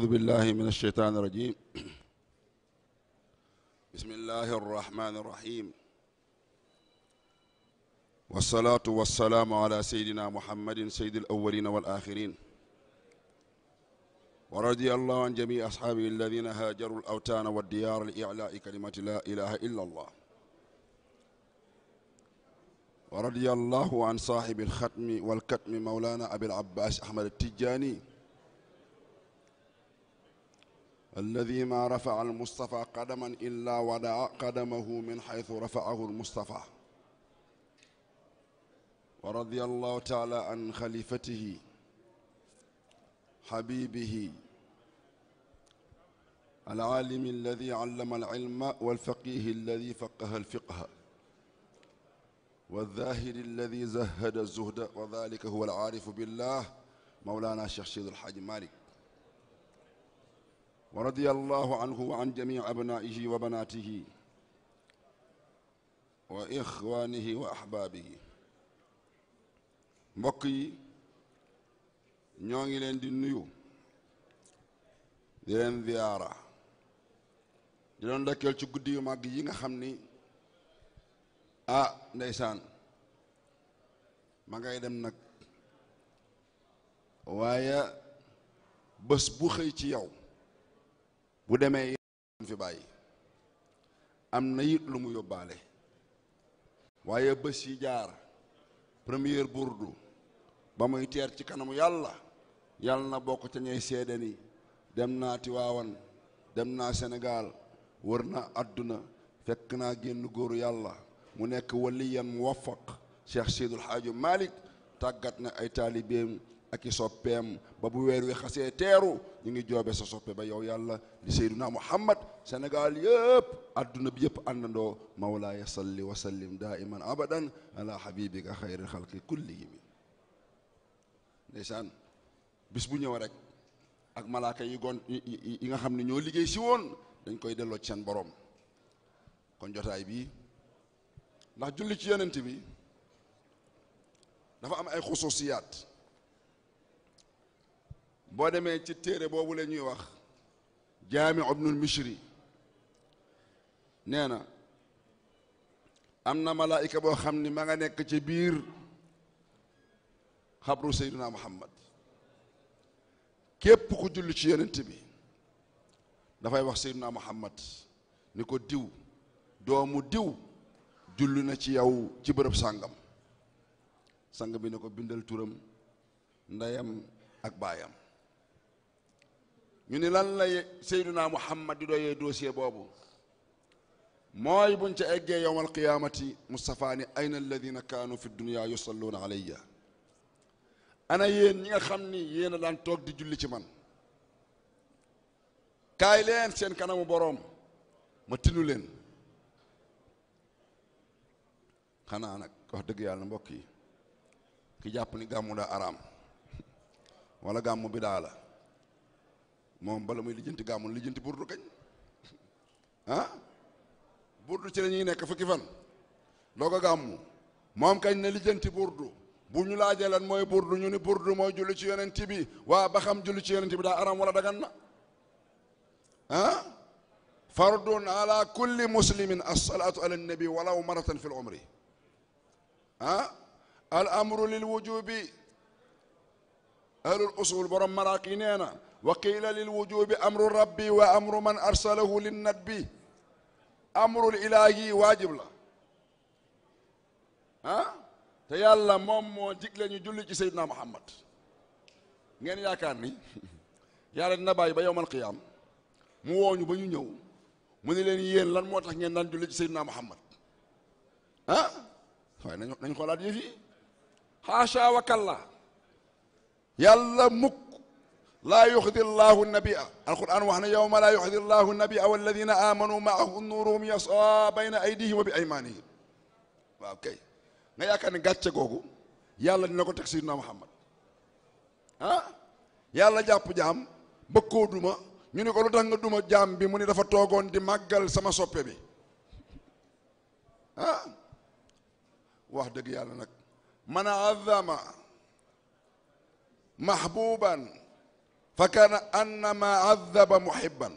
أعوذ بالله من الشيطان الرجيم بسم الله الرحمن الرحيم والصلاة والسلام على سيدنا محمد سيد الأولين والآخرين ورضي الله عن جميع أصحابه الذين هاجروا الأوتان والديار لإعلاء كلمة لا إله إلا الله ورضي الله عن صاحب الختم والكتم مولانا أبي العباس أحمد التجاني الذي ما رفع المصطفى قدما إلا ودع قدمه من حيث رفعه المصطفى ورضي الله تعالى عن خليفته حبيبه العالم الذي علم العلم والفقيه الذي فقه الفقه والذاهد الذي زهد الزهد وذلك هو العارف بالله مولانا الشيخ سيد الحاج مالك ورضي الله عنه وعن جميع أبنائه وبناته وإخوانه وأحبابه mbokk yi ñoo ngi leen di nuyu di leen ziyaara di leen ndokkeel ci guddi yu màgg yi nga xam ni ah ndeysaan ma ngay dem nag waaye bés bu xëy ci yow bu demee fi bàyyi am na it lu mu yóbbaale waaye bés yi jaar premier burdu ba muy teer ci kanamu yàlla yàlla na bokk ca ñay seede ni dem naa Tiwaawan dem naa senegaal wër na àdduna fekk naa génn góor yàlla mu nekk waliyan muwaffaq Cheikh Seydul Haaji Malick tàggat na ay taalibeem ak i soppeem ba bu weer wi xasee teeru ñu ngi joobe sa soppe ba yow yàlla di sayduna muhammad sénégal yëpp adduna bi yëpp àndandoo mawlaaya salli wa sallim daiman abadan ala habibika xayril xalqi kullihim ndeysaan bis bu ñëw rek ak malaaka yi gon yi nga xam ne ñoo liggéey si woon dañ koy delloo ci seen boroom kon jotaay bii ndax julli ci yonent bi dafa am ay xususiyaat boo demee ci téere boobu la ñuy wax jaami ibnul mishri nee na am na malaayika boo xam ni ma nga nekk ci biir xabru seyduna muhammad képp ku julli ci yenent bi dafay wax seyduna muhammad ni ko diw doomu diw julli na ci yow ci bërëb sàngam sang bi ne ko bindal turam ndeyam ak baayam ñu ni lan la Seyduna Muhammad di doyee dossier boobu mooy buñ ca eggee yowm alqiyaamati Moustapha ni ayna alladina kaanu fi dunia yusalluuna alayya ana yéen ñi nga xam ni yéen a daan toog di julli ci man kaay leen seen kanamu boroom ma tinu leen xanaa nag wax dëgg yàlla mbokk yi ki jàpp ni gàmmu daa araam wala gàmmu bi la moom bala muy lijjanti gàmmu lijjanti burdu kañ ah burdu ci la ñuy nekk fukki fan doog a moom kañ na lijjanti burdu bu ñu laajee lan mooy burdu ñu ni burdu mooy julli ci yonent bi waa ba xam julli ci yonent bi daa aram wala dagan na ah fardun ala kulli muslimin alsalaatu ala annabi walaw maratan fi l yi nee na wa qiila lilwujubi amru rabbi wa amru man arsalahu linnadbi amrul ilaahi waajib la ah te yàlla moom moo digle ñu julli ci seydina muhammad ngeen yaakaar ni yàlla na baay ba yowmal qiyaam mu wooñu ba ñu ñëw mu ni leen yéen lan moo tax ngeen daan julli ci seydina muhammad ah waaye nañ nañ xoolaat yëf yi xaasha wa kalla yàlla mukk laa yuxdi llahu nabia alquran wax ne yowma laa yuxdi llahu nabia walladina amanu maahu nuuruhum yasa bayna aydihim wa bi aymanihim waaw kay nga yaakaar ne gàcce googu yàlla dina ko teg sayyidina muhammad ah yàlla jàpp jaam bëgg koo duma ñu ne ko lu tax nga duma jaam bi mu ne dafa toogoon di màggal sama soppe bi ah wax dëgg yàlla nag man azama mahbuban fa kaana annama addaba muhibban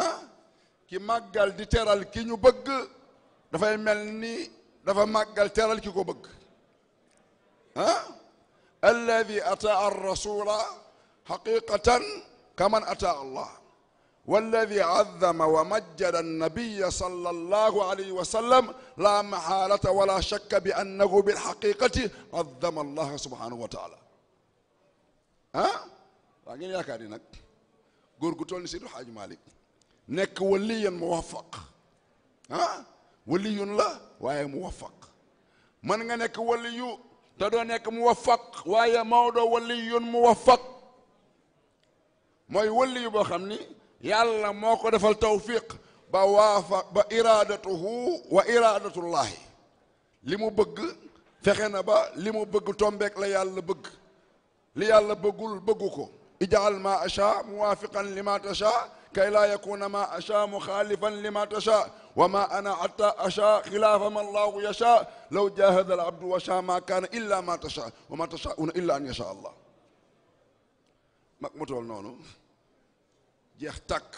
ah ki màggal di teral ki ñu bëgg dafay mel ni dafa màggal teral ki ko bëgg ah alladi ataa arrasula xaqiqatan kaman ataa allah walladi addama wa majjada annabiya sallallahu alayhi wa sallam la maxaalata wala shakka bi annahu bilxaqiqati addama allaha subhanahu wa taala ah waa ngeen yaakaar ni nag góor gu toll ni Seydou Hadj Malick nekk waliyan muwaffaq ah waliyun la waaye muwaffaq mën nga nekk waliyu te doo nekk muwaffaq waaye Maodo waliyun muwaffaq mooy waliyu boo xam ni yàlla moo ko defal tawfiq ba waafaq ba iradatuhu wa iradatullahi li mu bëgg fexe na ba li mu bëgg tombeek la yàlla bëgg li yàlla bëggul bëggu ko ijaal ma acha muwaafiqan li ma tacha kay laa yakuna ma acha muxaalifan li ma tacha wa ma ana hatta acha xilaafa ma allahu yacha law jahada al abdu wacha ma kaana illa ma tacha wa ma tachauna illa an yacha allah mag mu tool noonu jeex tàkk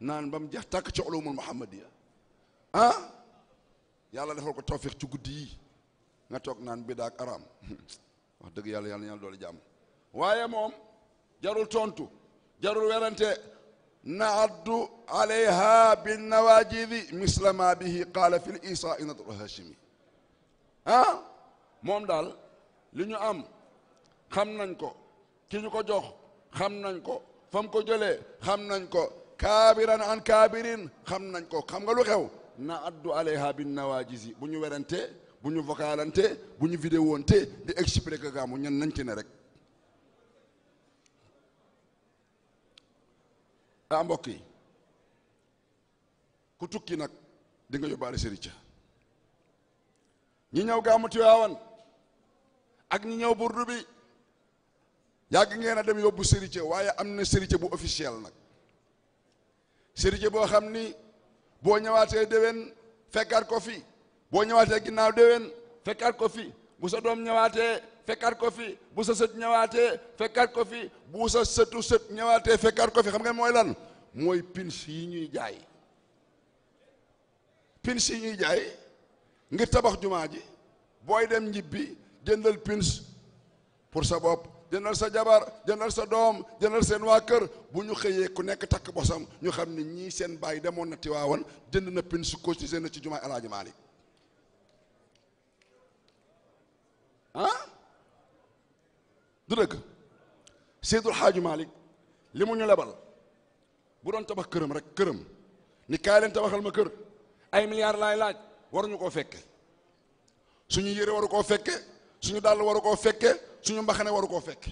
naan ba mu jeex tàkk ci ulumul muhammadiya ah yàlla defal ko tawfiq ci guddi yi nga toog naan bidaak araam wax dëgg yàlla yàlla yàlla doole jàmm waaye moom jarul tontu jarul werante naaddu alayha binnawajidi misla ma bihi qaala fi l isaa nadru hashimi ah moom daal li ñu am xam nañ ko ki ñu ko jox xam nañ ko fa ko jëlee xam nañ ko kaabiran an kaabirin xam nañ ko xam nga lu xew naaddu alayha binnawajisi bu ñu werante bu ñu vocalante bu ñu vidéowante di expliquer gaamu ñen nañ ci ne rek daa ah, mbokk yi ku tukki nag di nga yóbbaale sëri ñi ñëw gàmmu Tiwaawan ak ñi ñëw burdu bi yàgg ngeen a dem yóbbu sëri waaye am na sëri bu officiel nag sëri boo xam ni boo ñëwaatee déwén fekkaat ko fi boo ñëwaatee ginnaaw déwén fekkaat ko fi bu sa doom ñëwaatee fekkaat ko fi bu sa sët ñëwaatee fekkaat ko fi bu sa sëtu sët ñëwaatee fekkaat ko fi xam nga mooy lan mooy pince yi ñuy jaay pince yi ñuy jaay ngir tabax jumaa ji booy dem njibbi jëndal pins pour sa bopp jëndal sa jabar jëndal sa doom jëndal seen waa kër bu ñu xëyee ku nekk takk bosam ñu xam ne ñii seen bàyyi demoon na Tiwaawan jënd na pins cotisé na ci jumaa Alaaji Maalik ah du dëgg Seydul Xaaju Malik li mu ñu lebal bu doon tabax këram rek këram ni kaay leen tabaxal ma kër ay milliards laay laaj waruñu koo fekke suñu yére waru koo fekke suñu dàll waru koo fekke suñu mbaxane waru koo fekke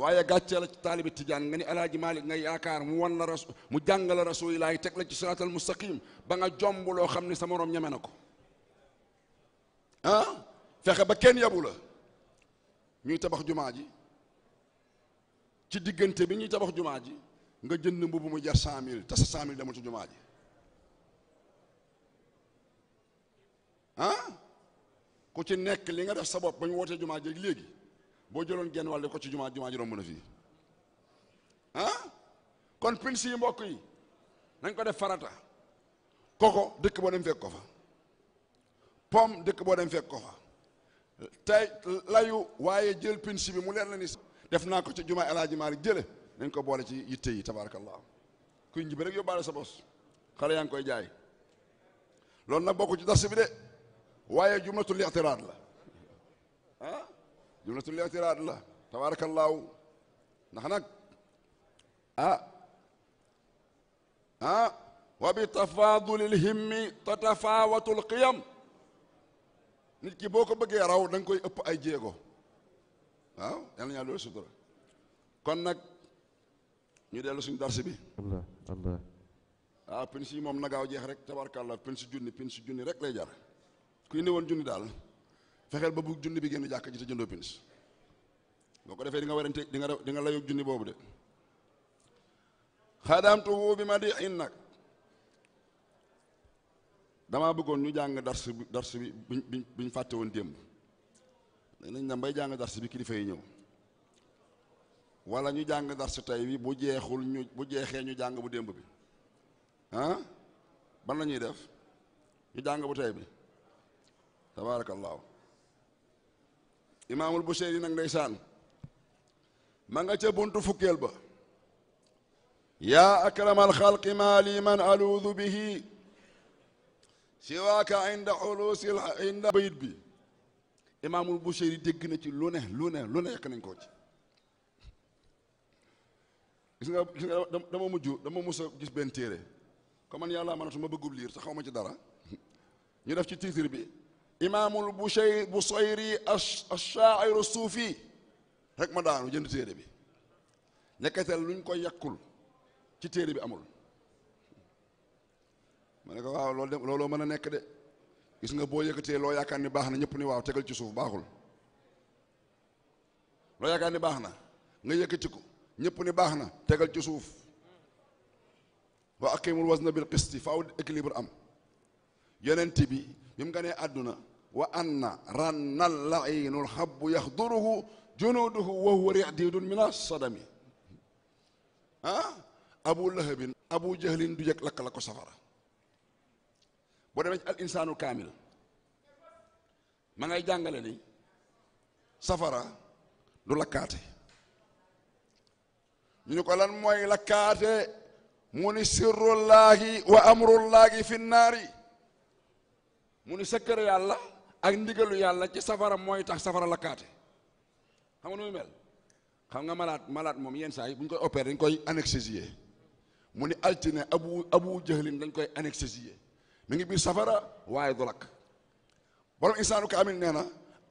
waaye gàccee la ci taalibi tijaan nga ni alaaji Malik nga yaakaar mu wan la ras mu jàngala rasulilaay teg la ci siraatal mustaqim ba nga jomb loo xam ne sa moroom ñeme na ko ah ba kenn yabu la ñuy tabax jumaa ji ci diggante bi ñuy tabax jumaa ji nga jënd mbubb mu jar cent mille te sa cent mille demul ci jumaa ji ah ku ci nekk li nga def sa bopp ba ñu wootee jumaa ji léegi boo jëloon genn wàll ko ci jumaa jumaa ji romb na fii ah kon pins yi mbokk yi nañ ko def farata koko dëkk boo dem fekk ko fa pom dëkk boo dem fekk ko fa tey layu waaye jël pinci mu leer la ni def naa ko ci jumaa El Hadj Malick jële nañ ko boole ci yitte yi tabarakallah kuy njibi rek yóbbaale sa bos xale yaa ngi koy jaay loolu nag bokku ci dars bi de waaye jumlatul i'tiraad la ah? la tabarakallahu ndax nag ah, ah, wa bi tafaaduli lhimmi tatafawatu lqiyam nit ki boo ko bëggee raw da koy ëpp ay jéego waaw yal na yàlla loolu sutura kon nag ñu dellu suñu darsi bi allah allah waaw ah, pinsi yi moom nagaaw jeex rek tabarkàlla pinsi junni pinsi junni rek lay jar ku indi woon junni daal fexeel ba bu junni bi génn jàkk ji te jëndoo pins boo ko defee di nga werante di nga di nga layoog junni boobu de xaadaamtuhu bi ma di in nag dama bëggoon ñu jàng dars bi dars bi biñ biñ fàtte woon démb bay jàng dars bi kilifa yi ñëw wala ñu jàng dars tey bi bu jeexul ñu bu jeexee ñu jàng bu démb bi ah ban la ñuy def ñu jàng bu tey bi tabaarakallaahu imaamul Buseyri yi nag ndeysaan ma nga ca buntu fukkeel ba yaa akramal xalqi maa lii aluudu bihi siwaaka inda xulusi inda bayit bi imaamul Bushayri dégg na ci lu ne lu ne lu ne yekk nañ koo ci gis nga gis nga dama mujj dama mus a gis benn téere comme man yàlla mënatu ma bëggub liir te xaw ma ci dara ñu def ci titre bi imaamul Bushay Busayri ash-shaa'iru suufi rek ma daanu jënd téere bi ñekketel luñ ko yàkkul ci téere bi amul ma ne ko waaw loolu de looloo mën a nekk de gis nga boo yëkkatee loo yaakaar ni baax na ñëpp ni waaw tegal ci suuf baaxul loo yaakaar ni baax na nga yëkkati ko ñëpp ni baax na tegal ci suuf wa aqimul wazna bil qisti faaw équilibre am yonent bi bi mu ganee àdduna wa anna rannal lainul habbu yaxduruhu junuduhu wa huwa ri'didun min as-sadami ah abu lahabin abu jahlin du yëg lakk la ko safara boo demee al insaanu kaamil ma ngay jàngale ni safara du lakkaate ñu ni ko lan mooy lakkaate mu ni sirrullaahi wa amrullaahi fi naari mu ni sëkkër yàlla ak ndigalu yàlla ci safara mooy tax safara lakkaate xam nga nu muy mel xam nga malaat malaat moom yenn saa yi bu ñu koy opéré dañ koy anesthésier mu ni altine abu abu jëlin dañ koy anesthésier mi ngi biir safara waaye du lakk borom insaanu kaamil nee na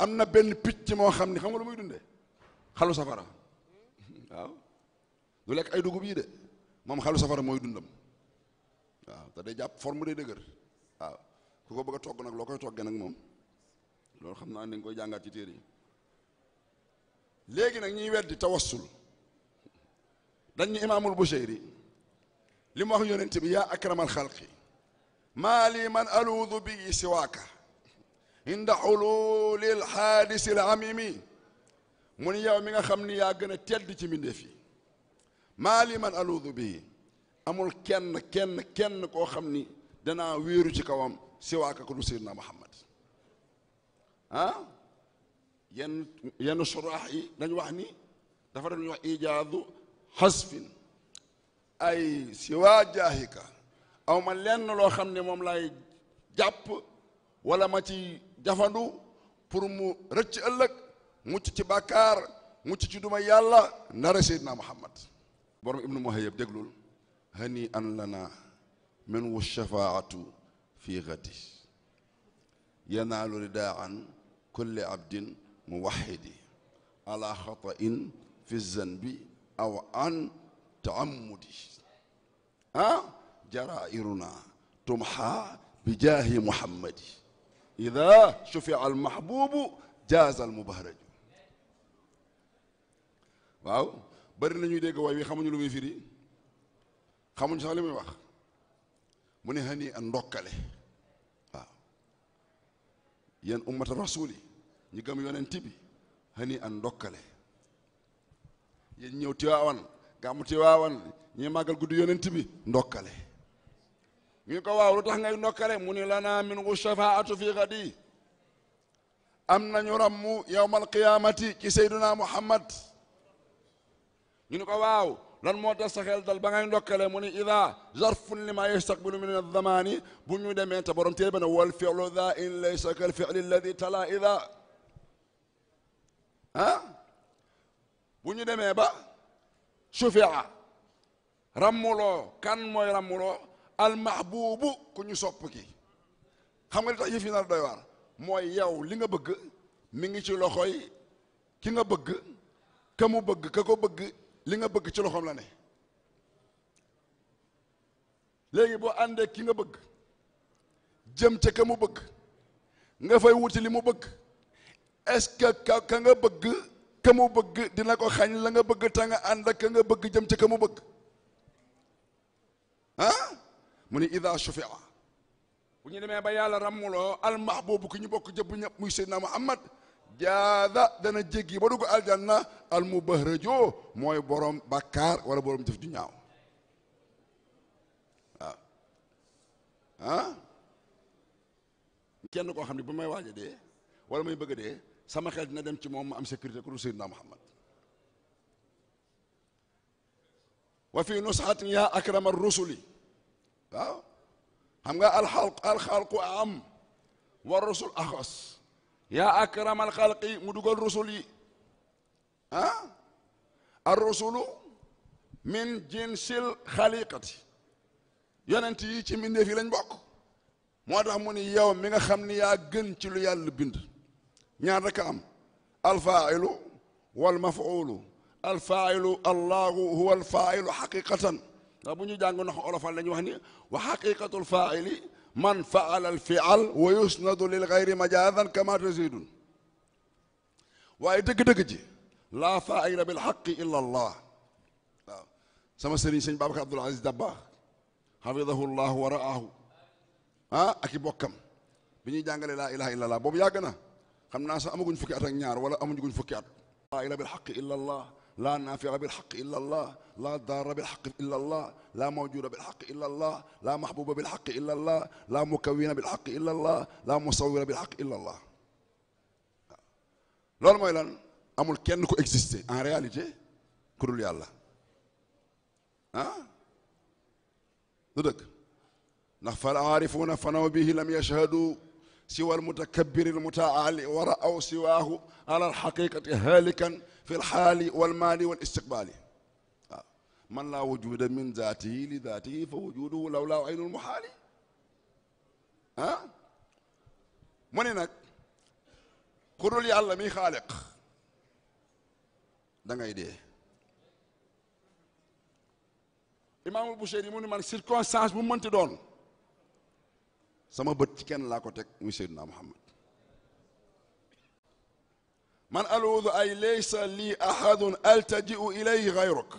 am na benn picc moo xam ni xam nga lu muy dunde xalu safara waaw du lekk ay dugub yi de moom xalu safara mooy dundam waaw te day jàpp forme day dëgër waaw ku ko bëgg a togg nag loo koy toggee nag moom loolu xam naa dañ koy jàngat ci téere yi léegi nag ñuy weddi tawassul dañ ñu imaamul Buseyri li mu wax yonent bi yaa akramal xalqi maa lii man aluudu bi siwaaka inda xululil xaadisil amimi mu ni yow mi nga xam ni yaa gën a di ci mbindeef fi maa lii man aluudu bi amul kenn kenn kenn koo xam ni danaa wiiru ci kawam siwaaka ko du seydna Muhammad ah yenn yenn suraax yi wax ni dafa def lu ñuy wax ay siwaa jaahika aw ma lenn loo xam ne moom laay jàpp wala ma ci jafandu pour mu rëcc ëllëg mucc ci bàkkaar mucc ci duma yàlla ndara seydina muhammad borom ibnu muhayyab déglul hani an lana min wu shafaatu fi gadi yanaalu ridaan kulli abdin muwahidi ala xatain fi zanbi aw an taammudi ah jarairuna tumha bi jaahi muhammadi ida shufia almahbubu jaaz almubahraju waaw bëri na ñuy dégg way xamuñu lu muy firi xamuñ sax li wax mu ne hani a ndokkale waaw yéen ummata ñi gëm yonent bi hani a ndokkale yéen ñëw Tiwaawan gàmmu Tiwaawan ñi màggal gudd yonent bi ndokkale ñu ko waaw lu tax ngay nokkale mu ni lana minhu shafaatu fi gadi am nañu rammu yowma alqiyamati ci sayduna muhammad ñu ni ko waaw lan moo tax sa xel dal mu ni ida zarfun li maa yastaqbilu min alzamani bu ñu demee te borom téere ba ne wal filu da in laysa kal fili alladi tala ida ah bu ñu demee ba sufia rammuloo kan mooy rammuloo almahbuubu ku ñu sopp ki xam nga li tax yëf yi nar doy waar mooy yow li nga bëgg mi ngi ci loxoy ki nga bëgg ka mu bëgg ka ko bëgg li nga bëgg ci loxoom la ne léegi boo àndee ki nga bëgg jëm ca ka mu bëgg nga fay wuti li mu bëgg est-ce ka ka nga bëgg ka mu bëgg dina ko xañ la nga bëgg te nga ànd ka nga bëgg jëm ca ka mu bëgg mu ne ida shufia bu ñu demee ba yàlla rammuloo almax boobu ki ñu bokk jëpp ñëpp muy seydina muhammad jaada dana jéggi ba dugg aljanna al mubahrajoo mooy borom bakkaar wala borom jëf ju ñaaw waaw ah kenn koo xam ne ba may waaj a dee wala may bëgg dee sama xel dina dem ci moom ma am sécurité ku dul seydina muhammad wa fi nusxatin yaa akrama rusuli waaw xam nga alxalq alxalqu am wa rusul axas yaa akram alxalqi mu dugal rusul yi ah arrusulu min jinsil xaliqati yonent yi ci mbindeef yi lañ bokk moo tax mu ni yow mi nga xam ni yaa gën ci lu yàll bind ñaar rek am alfailu wal mafuulu alfailu allahu huwa alfailu xaqiqatan ndax bu ñu jàng nax olofal dañuy wax ni wa xaqiqatul faaili man faala al fial lil gayri majazan kama tazidun waaye dëgg-dëgg ji laa faaila illa allah sama sëriñ sëñ Babacar Abdul Aziz Dabbaax xafidahu llah wa raahu ah ak i bokkam bi ñuy jàngale laa ilaha illa allah boobu yàgg na xam naa sax amaguñ fukki at ak wala amaguñ fukki at laa faaila illa allah لا نافع بالحق إلا الله لا ضار بالحق إلا الله لا موجود بالحق إلا الله لا محبوب بالحق إلا الله لا مكون بالحق إلا الله لا مصور بالحق إلا الله loolu mooy lan amul kenn ku exister en réalité ku dul yàlla ah du dëgg ndax fal aarifuuna fanaw bihi lam yashhadu siwa almutakabbiri almutaali wa ra'aw siwaahu ala alxaqiqati haalikan fi lxaali walmaali wal istiqbaali waaw man laa wujuda min zaatihi li zaatihi fa wujuduhu law laa aynul muxaali ah mu ne nag ku dul yàlla mi xaaliq da ngay dee imaamul Buseyri yi mu ne man circonstance bu mënti doon sama bët ci kenn laa ko teg muy Seydina Muhammad من الأعوذ أي ليس لي أحد ألتجئ إليه غيرك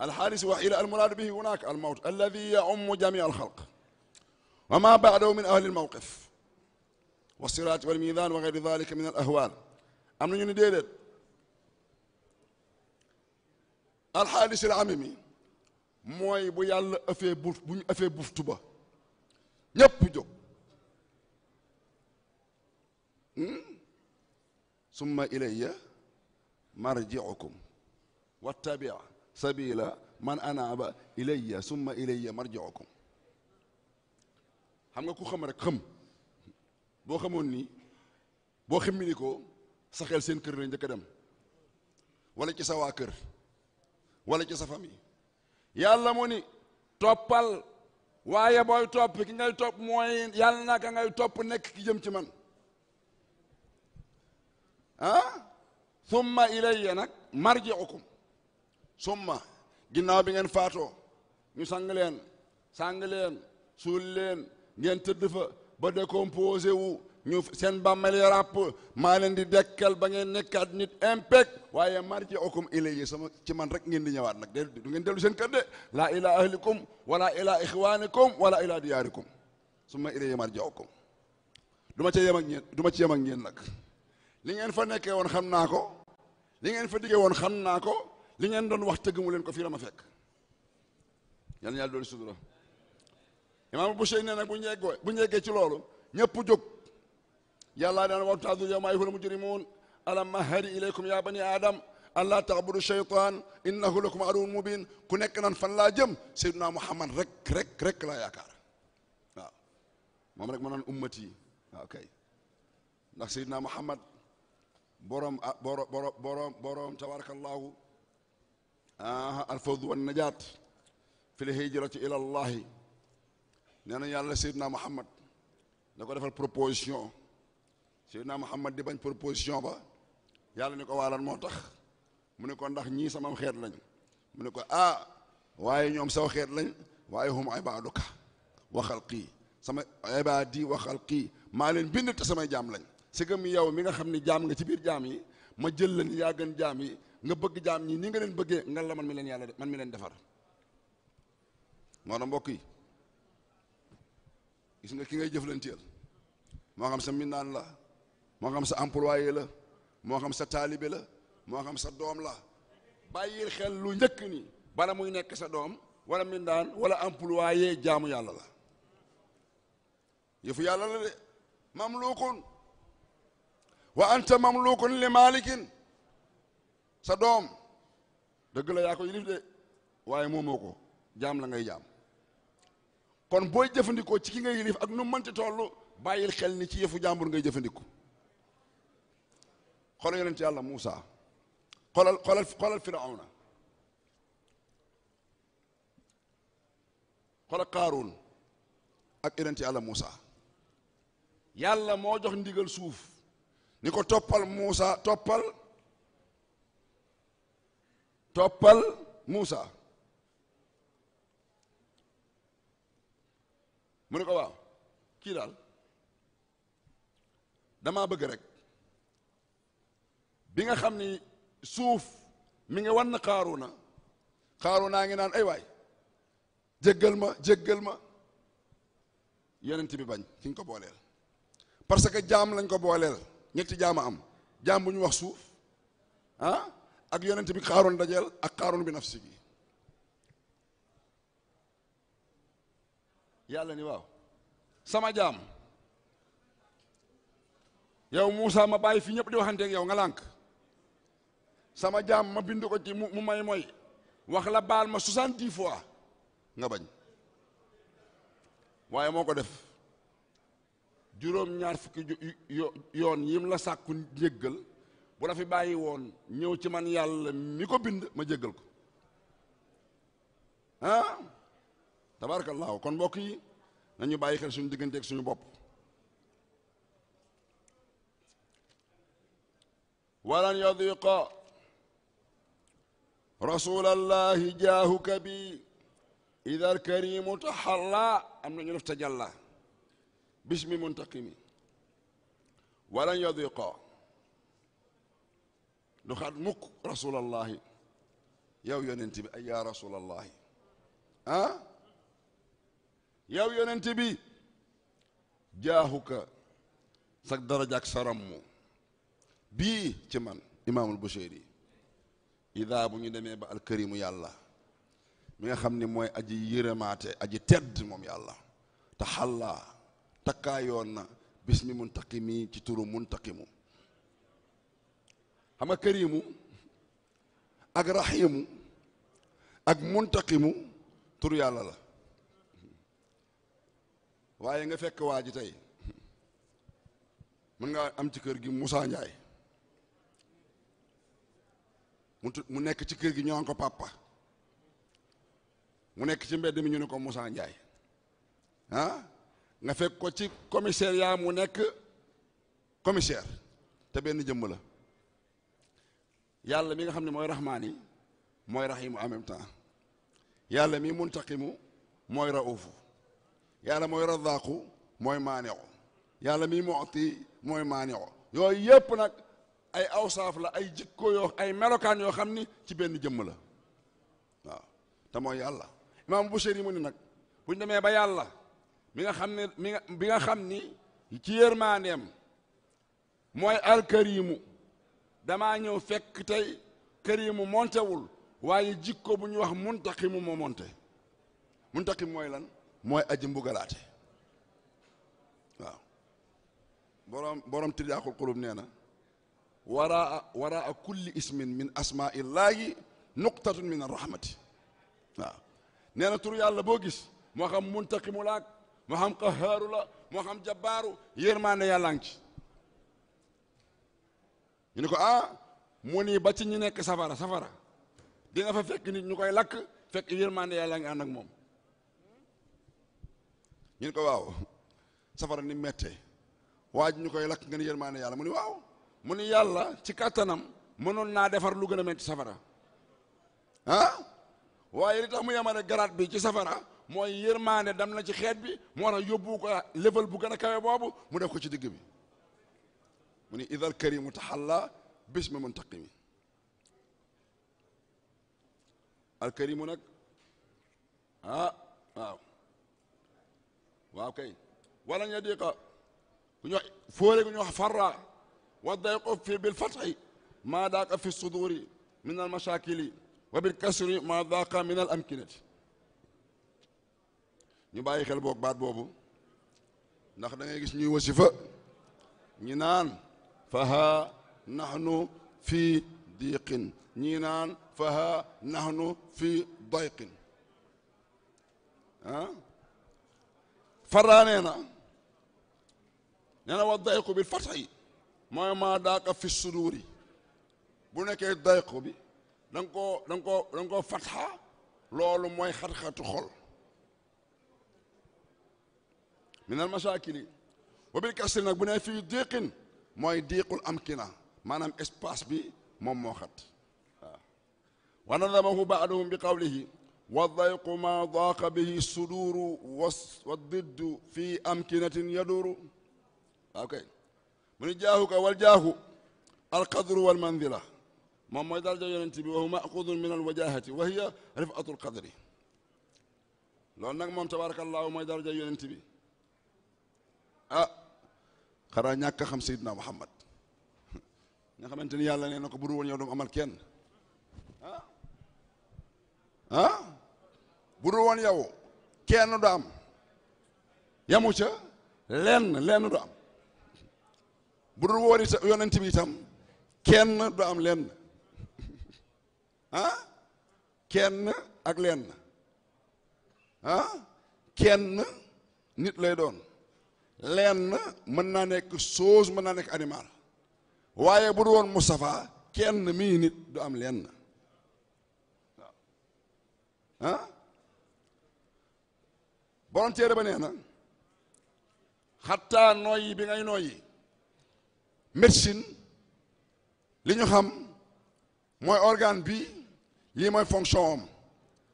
الحارس وحيل المراد به هناك الموت الذي يعم جميع الخلق وما بعده من أهل الموقف والصراط والميزان وغير ذلك من الأهوال أم نجن ديدت الحادث العميمي mooy bu yàlla ëffee buuf bu ñu ëffee buftu ba ñépp jóg summa ilayya marji'ukum wattabi' sabila man anaaba ilayya summa ilayya marji'ukum xam nga ku xam rek xam boo xamoon ni boo ximmi ko sa xel seen kër la njëkk a dem wala ci sa waa kër wala ci sa famille yàlla mu ni toppal waaye booy topp ki ngay topp mooy yàlla naa ka ngay topp nekk ki jëm ci man ah summa ilayya nag marji'ukum summa ginnaaw bi ngeen faatoo ñu sang leen sang leen suul leen ngeen tëdd fa ba décomposé wu ñu seen bàmmeel yi ràpp maa leen di dekkal ba ngeen nekkaat nit impec waaye marji'ukum ilayya sama ci man rek ngeen di ñëwaat nag de du ngeen dellu seen kër de laa ilaa ahlikum wala ilaa ixwaanikum wala ilaa diyaarikum summa ilayya marji'ukum du ma ci yem ak ci yem ak ñeen nag li ngeen fa nekkee woon xam naa ko li ngeen fa diggee woon xam naa ko li ngeen doon wax tëgg mu leen ko fii la ma fekk yal na yàlla doolu sudura imaam Buseyri nee nag bu ñeggoo bu ñeggee ci loolu ñëpp jóg yàllaa daan wabta'athu yawma ayyuhal ma alam ahhad ilaykum ya bani aadam an laa ta'budu shaytaan ku nekk nan fan laa jëm Seydina Muhammad rek rek rek laa yaakaar waaw rek ma naan ummat yi waaw Muhammad boroom ah, boroom boroom boroom tabarakallahu alfawdu wan najaat fi l hijrati ila llahi nee na yàlla seydina muhammad na ko defal proposition seydina muhammad di bañ proposition ba yàlla ni ko waalan moo tax mu ne ko ndax ñii samam xeet lañ mu ne ko ah waaye ñoom saw xeet lañ waaye hum ibaaduka wa xalqi sama ibaadi wa xalqi maa leen bind te samay jaam lañ sëgam yow mi nga xam ni jaam nga ci biir jaam yi ma jël la ni yaa gën jaam yi nga bëgg jaam ñi ni nga leen bëggee nga la man mi leen yàlla man mi leen defar moo mbokk yi gis nga ki ngay jëflanteel moo xam sa mindaan la moo xam sa employé la moo xam sa taalibe la moo xam sa doom la bàyyil xel lu njëkk ni bala muy nekk sa doom wala mindaan wala employé jaamu yàlla la yëfu yàlla la de mam loo koon wa anta mamlukun li malikin sa doom dëgg la yaa ko yilif de waaye moomoo ko jaam la ngay jaam kon booy jëfandikoo ci ki ngay yilif ak nu mënti toll bàyyil xel ni ci yëfu jàmbur ngay jëfandiku xoolal yonent yàlla Muusa xoolal xoolal xoolal Firawna xoolal Qaaruun ak yonent yàlla Muusa yàlla moo jox ndigal suuf ni ko toppal Muusa toppal toppal Muusa mu ne ko waaw kii daal damaa bëgg rek bi nga xam ni suuf mi ngi wan xaaru naa ngi naan ay waay jéggal ma jéggal ma yonent bi bañ ki ñu ko booleel parce que jaam lañ ko booleel ñetti jaama am jaam bu ñu wax suuf ah, ak yonent bi xaaroon dajeel ak xaaroon bi nafsi gi yàlla ni waaw sama jaam yow Moussa ma bàyyi fi ñëpp di waxanteeg yow nga lànk sama jaam ma bind ko ci mu may moy wax la baal ma soixante-dix fois nga bañ waaye moo ko def juróom ñaar fukki yoon yim la sàkku njéggal bu la fi bàyyi woon ñëw ci man yàlla mi ko bind ma jéggal ko ah tabaarakallaahu kon mbokk yi nañu bàyyi xel suñu diggante ak suñu bopp walan yadiqa rasulallaahi jaahuka bi ida alkarimu taxalla am na ñu def tajalla bismi muntaqimi walan yadiqa du xaat mukk rasulallahi yow yonent bi ay yaa rasulallahi ah yow yonent bi jaaxuka sag darajaak sarammu bii ci man imaamul Buseyri idaa bu ñu demee ba alkarimu yàlla mi nga xam ni mooy aji yërëmaate aji tedd moom yàlla te xallaa takkaayoon na bismi muntaqimi ci turu muntaqimu xam nga karimu ak rahimu ak muntaqimu tur yàlla la waaye nga fekk waa ji tey mën nga am ci kër gi Moussa Ndiaye mu nekk ci kër gi ñoo ko papa mu nekk ci mbedd mi ñu ne ko Moussa njaay ah nga fekk ko ci commissariat mu nekk commissaire te benn jëmm la yàlla mi nga xam ne mooy raxmaan yi mooy raximu en même temps yàlla mi muntaqimu mooy raufu yàlla mooy razaqu mooy maanixu yàlla mii moo muti mooy maanixu yooyu yépp nag ay awsaaf la ay jikko yoo ay melokaan yoo xam ni ci benn jëmm la waaw te mooy yàlla imaam Bushayri mu ni nag buñ demee ba yàlla mi nga xam ne mi nga bi nga xam ni ci yërmaandeem mooy alkariimu damaa ñëw fekk tey kariimu montewul waaye jikko bu ñu wax muntaqimu moo monte muntaqim mooy lan mooy aji mbugalaate waaw boroom boroom tiriyaaqul qulub nee na waraa waraa kulli ismin min asmaaillahi nuqtatun min arrahmati waaw nee tur yàlla boo gis moo xam muntaqimu laak moo xam qahaaru la moo xam jabbaaru yërmaande yàlla ci ñu ne ko ah mu nii ba ci ñi nekk safara safara di fa fekk nit ñu koy lakk fekk yërmaande yàlla ngi ànd moom ñu ne ko waaw safara ni mettee waa ji ñu koy lakk nga ni yërmaande yàlla mu ni waaw mu ni yàlla ci kàttanam mënoon naa defar lu gën a metti safara ah waaye li tax mu yemale garaat bi ci safara mooy yërmaande dam na ci xeet bi moo tax ko level bu gën a boobu mu def ko ci digg bi mu ne idal karimu taxalla bis mi muntaqimi al karimu nag ah waaw waaw kay ña diqa ku ñu wax fóore ku ñu wax farra wa daaqa fi suduri min al wa bil kasri maa daaqa min al ñu bàyyi xel boog baat boobu ndax da gis ñuy wasifa ñi naan faha nahnu fii diqin ñi naan faha nahnu fii dayqin ah faraa nee na nee na wa dayqu bil fatxi mooy maa daaka fi suduuri bu nekkee dayqu bi da nga koo da nga koo da fatxa loolu mooy xat-xatu xol min al mashakili wa bil kasri nag bu ne fii diiqin mooy diiqul amkina maanaam espace bi moom moo xat waaw wa nadamahu baaduhum bi qawlihi wa dayqu ma daaqa bihi suduuru wa diddu fi amkinatin yaduuru waaw kay mu ni jaahu ka wal jaahu alqadru wal manzila moom mooy daraja yonent bi wa huwa maxuudun min alwajahati wa hiya rifatu alqadri loolu nag moom tabaarakallahu mooy daraja yonent bi ah xanaa ñàkk a xam Seydina Muhammad nga xamante ni yàlla nee na ko bu dul woon yow doomu amal kenn ah? Ah? bu dul woon yow kenn du am yamu ca lenn lenn du am bu dul woon itam yonent bi itam kenn du am lenn ah? kenn ak lenn ah kenn nit lay doon lenn mën naa nekk soos mën naa nekk animal waaye bu du woon Moustapha kenn mii nit du am lenn waaw ah borom ba nee na xattaa nooyi bi ngay nooyi médecine li ñu xam mooy organe bi lii mooy fonction am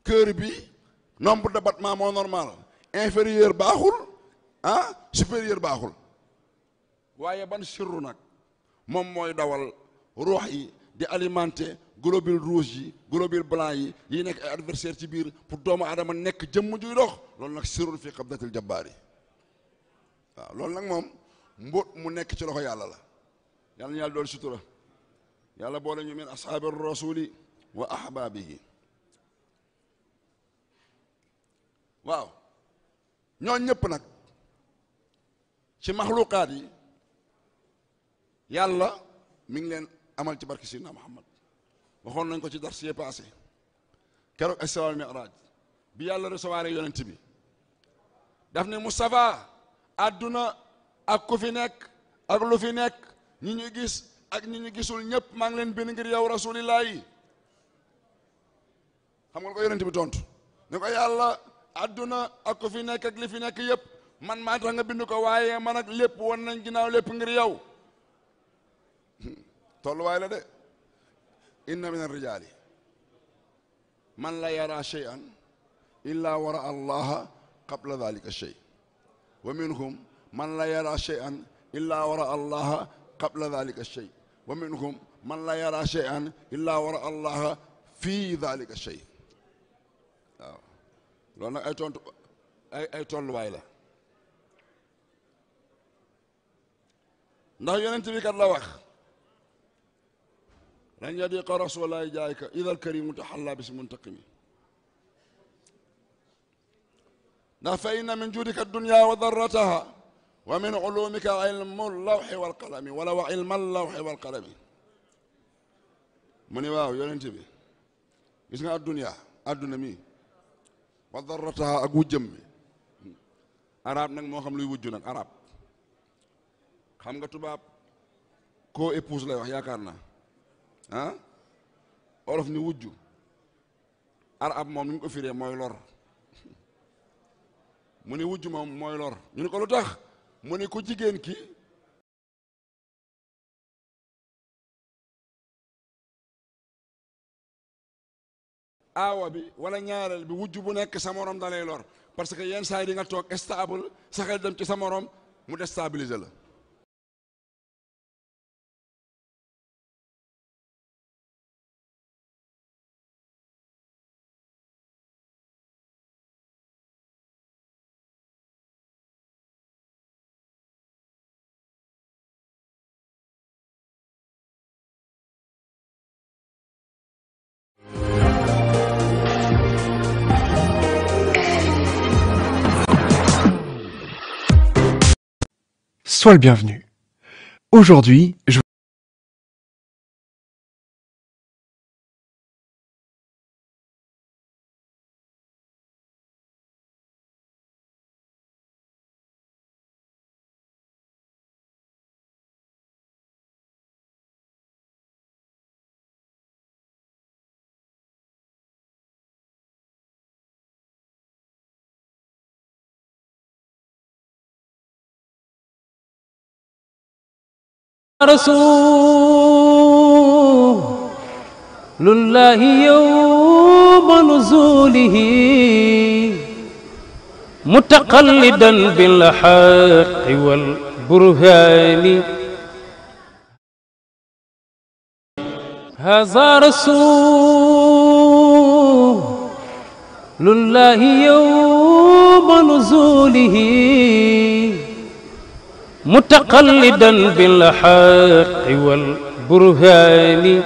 cœur bi nombre de battement moo normal inférieur baaxul ah supérieur baaxul waaye ban sirru nag moom mooy dawal ruux yi di alimenter globules rouges yi globules blancs yi yi nekk ay adversaire ci biir pour doomu aadama nekk jëmm juy dox loolu nag sirrul fi qabdatil jabbaar yi waaw loolu nag moom mbóot mu nekk ci loxo yàlla la yàlla na yàlla dool sutura yàlla boole ñu min ashaabi rasuli wa ahbaabihi waaw ñoo ñëpp nag ci maxluqaat yi yàlla mi ngi leen amal ci barki sidna Muhammad waxoon nañ ko ci dars yee passé keroog Isra wal Mi'raj bi yàlla recevoir yonent bi daf ne Moustapha àdduna ak ku fi nekk ak lu fi nekk ñi ñu gis ak ñu ñu gisul ñëpp maa ngi leen bind ngir yow rasulillah yi xam nga ko yonent bi tontu ne ko yàlla àdduna ak ku fi nekk ak li fi nekk yëpp man maa tax nga bind ko waaye man ak lépp wan nañ ginnaaw lépp ngir yow tolluwaay la de inna min arrijaali man la yara cheyan illa wara allaha qabla dalika chey wa minhum man la yara cheyan illa wara allaha qabla dalika chey wa minhum man la yara cheyan illa wara allaha fii dalika chey waaw loolu nag ay tontu ay la ndax yonent bi kat la wax lan yadiqa rasulaay jaayka ida alkarimu taxalla bis muntaqimi ndax fa inna min juudika dunya wa darrataha wa min ulumika ilmu lawxi walqalami wala wa ilma lawxi walqalami mu ni waaw yonent bi gis nga addunya adduna mi wa darrataha ak wujjëm mi arab nag moo xam luy wujju nag arab xam nga tubaab koo épouse lay wax yaakaar naa ah olof ni wujju arab moom ni ñu ko firee mooy lor mu ni wujju moom mooy lor ñu ni ko lu tax mu ni ku jigéen ki aawa bi wala ñaareel bi wujj bu nekk sa morom da lor parce que yenn saa yi di nga toog stable sa dem ci sa morom mu déstabiliser la sois le bienvenu. Aujourd'hui, رسول الله يوم نزوله متقلدا بالحق والبرهان هذا رسول الله يوم نزوله mutaqallidan bil haqqi wal burhani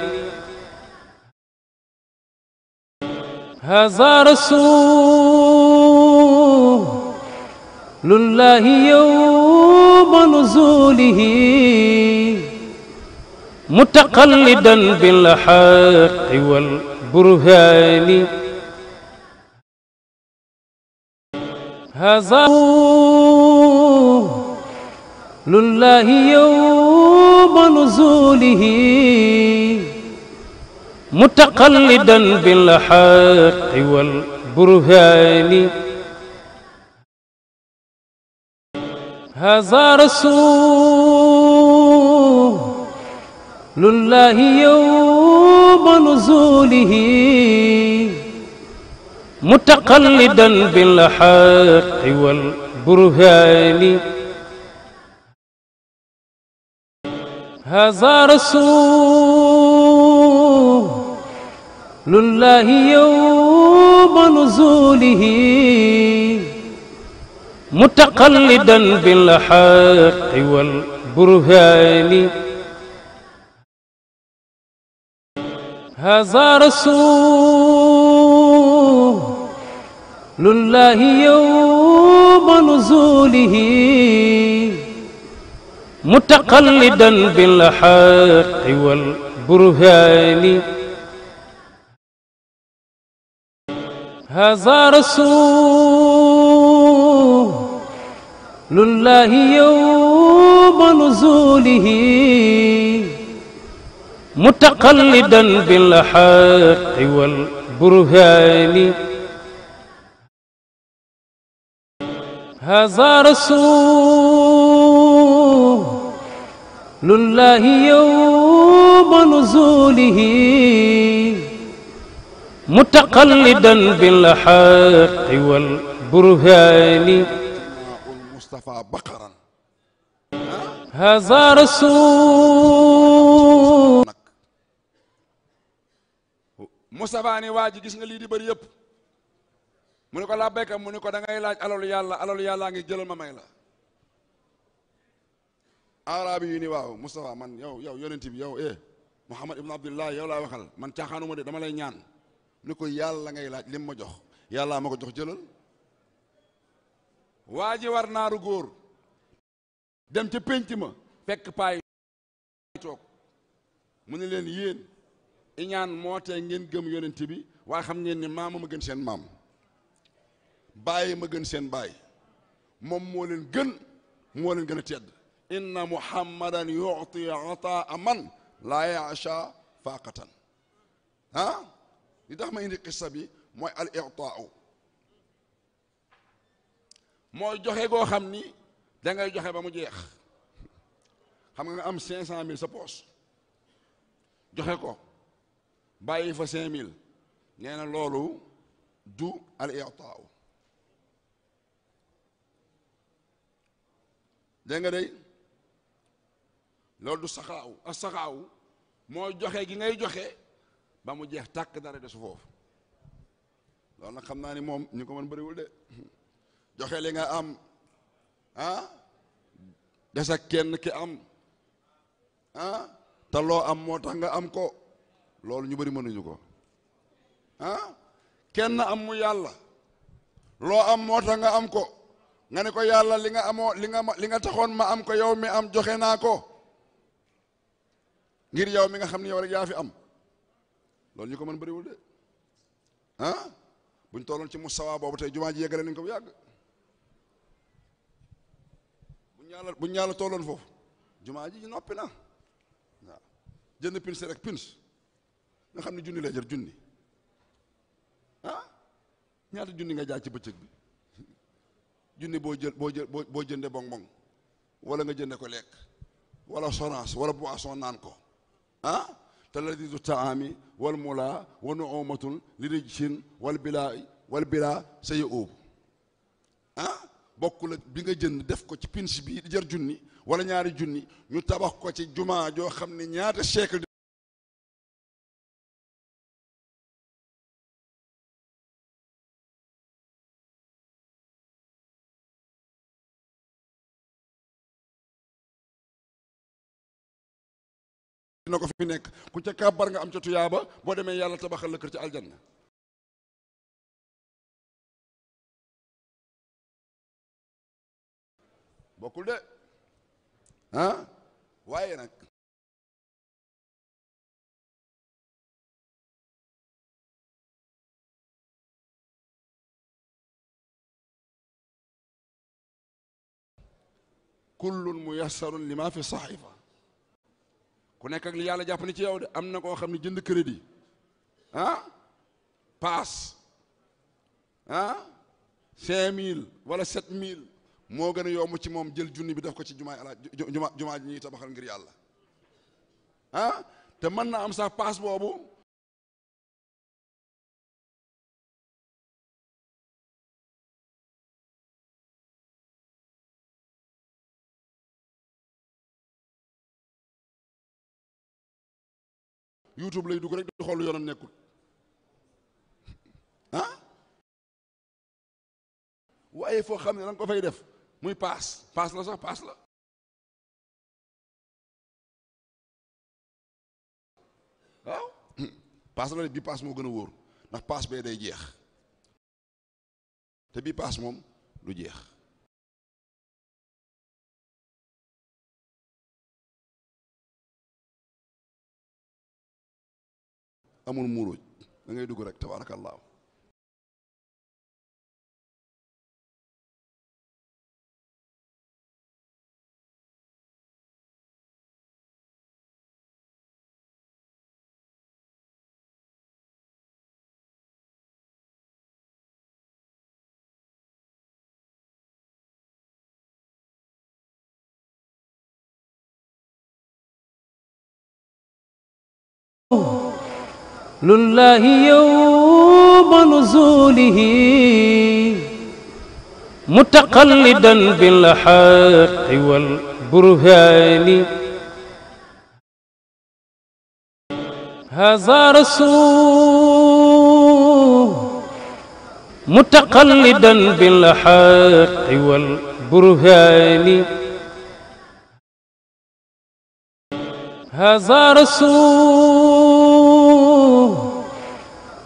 haza rasulullahi yawma nuzulihi mutaqallidan bil haqqi wal burhani haza lullahi yawma nuzulihi mutaqallidan bil haqqi wal burhani haza rasulullahi yawma nuzulihi mutaqallidan bil haqqi wal burhani هذا رسول الله يوم نزوله متقلدا بالحق والبرهان هذا رسول الله يوم نزوله mutaqallidan bil haqqi wal burhani haza rasulullahi yawma nuzulihi mutaqallidan bil haqqi wal burhani haza rasul لله يوم نزوله متقلدا بالحق والبرهان المصطفى بقرا هذا waa ji gis nga lii yëpp mu ne ko làbbayka mu ne ko da ngay laaj alalu yàlla alalu yàllaa ngi jëlal may la araabi yu ni waaw Moustapha man yow yow yonent bi yow eh Mouhamad ibn Abdullah yow laa waxal man caaxaanuma de dama lay ñaan ni ko yàlla ngay laaj lim ma jox yàllaa ma ko jox jëlal waa ji war naaru góor dem ca pénc ma fekk paay toog mu ne leen yéen iñaan moo tee ngeen gëm yonent bi waaye xam ngeen ni maama ma gën seen maam bàyyi ma gën seen baay moom moo leen gën moo leen gën a tedd inna muhammadan yuti ataa man la yacha faaqatan ah li tax ma indi qissa bi mooy al itaau mooy joxe goo xam ni da ngay joxe ba mu jeex xam nga am cinq cent mille sa poos joxe ko bàyyi fa cinq mille nee na loolu du al itaau dégg nga day loolu du saxaaw ak saxaaw moo joxe gi ngay joxe ba mu jeex tàkk dara desu foofu loolu na xam naa ni moom ñu ko mën bëriwul de joxe li nga am ah des kenn ki am ah te loo am moo tax nga am ko loolu ñu bari mënuñu ko ah kenn am mu yàlla loo am moo tax nga am ko nga ne ko yàlla li nga amoo li nga li nga taxoon ma am ko yow mi am joxe naa ko ngir yow mi nga xam ne yow rek yaa fi am loolu ñu ko mën bariwul de ah buñ tolloon ci mustawa boobu tey jumaa ji yeggale nañ ko bu yàgg buñ ñaala buñ ñaala tolloon foofu jumaa ji noppi na waaw jënd pince rek pince nga xam ne junni lay jër junni ah ñaata junni nga jaay ci bëccëg bi junni boo jël boo jël boo jënde bong bong wala nga jënde ko lekk wala sonance wala boisson naan ko ah te ladidu taami wal mulaa wa nuumatun li rijsin wal bilaa wal bilaa sa ya óobu ah bokk la bi nga jën def ko ci pinc bi di jar junni wala ñaari junni ñu tabax ko ci jumaa joo xam ne ñaata siècle na ko fi nekk ku ca kàbbar nga am ca tuyaaba boo demee yàlla tabaxal la kër ci aljanna bokkul de ah waaye nag kullun muyassarun lima fi saxifa ku nekk ak li yàlla jàpp ni ci yow de am na koo xam ne jënd crédit ah paas ah cinq mille wala sept mille moo gën a yomb ci moom jël junni bi def ko ci jumaay alaaj jumaa jumaa ji ñuy tabaxal ngir yàlla ah te mën na am sax paas boobu youtube lay dugg rek di xool yoonam nekkul ah waaye foo xam ne danga ko fay def muy paas paas la sax paas la waaw paas la bii paas moo gën a wóor ndax paas bee day jeex te bii paas moom du jeex amul muuruj da ngay dugg rek tabaarakallaahu لله يوم نزوله متقلدا بالحق والبرهان هذا رسول متقلدا بالحق والبرهان هذا رسول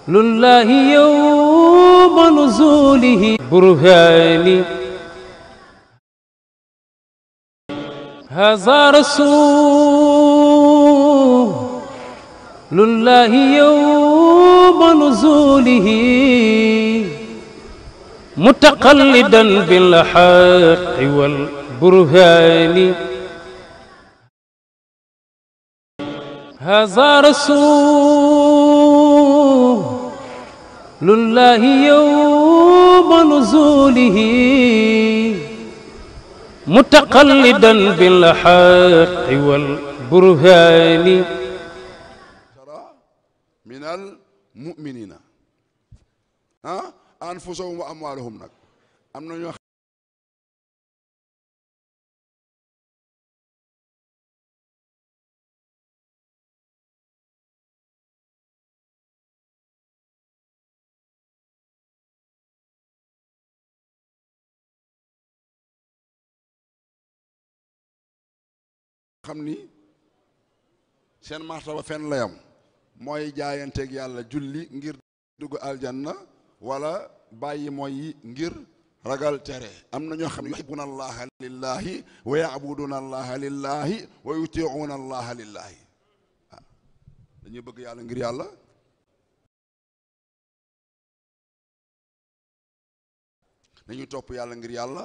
لله يوم نزوله برهاني هذا رسول لله يوم نزوله متقلدا بالحق والبرهان هذا رسول lullahi yawma nuzulihi mutaqallidan bil haqqi wal burhani min al mu'minina ah anfusahum wa amwaalahum nag am na ñoo xam ni seen martaba fenn la mooy jaayanteek yàlla julli ngir dugg aljanna wala bàyyi mooy yi ngir ragal tere am na ñoo xam ne yuhibbuna allaha lillahi wa yaabuduna allaha lillahi wa yutiuna allaha lillahi dañuy bëgg yàlla ngir yàlla dañuy topp yàlla ngir yàlla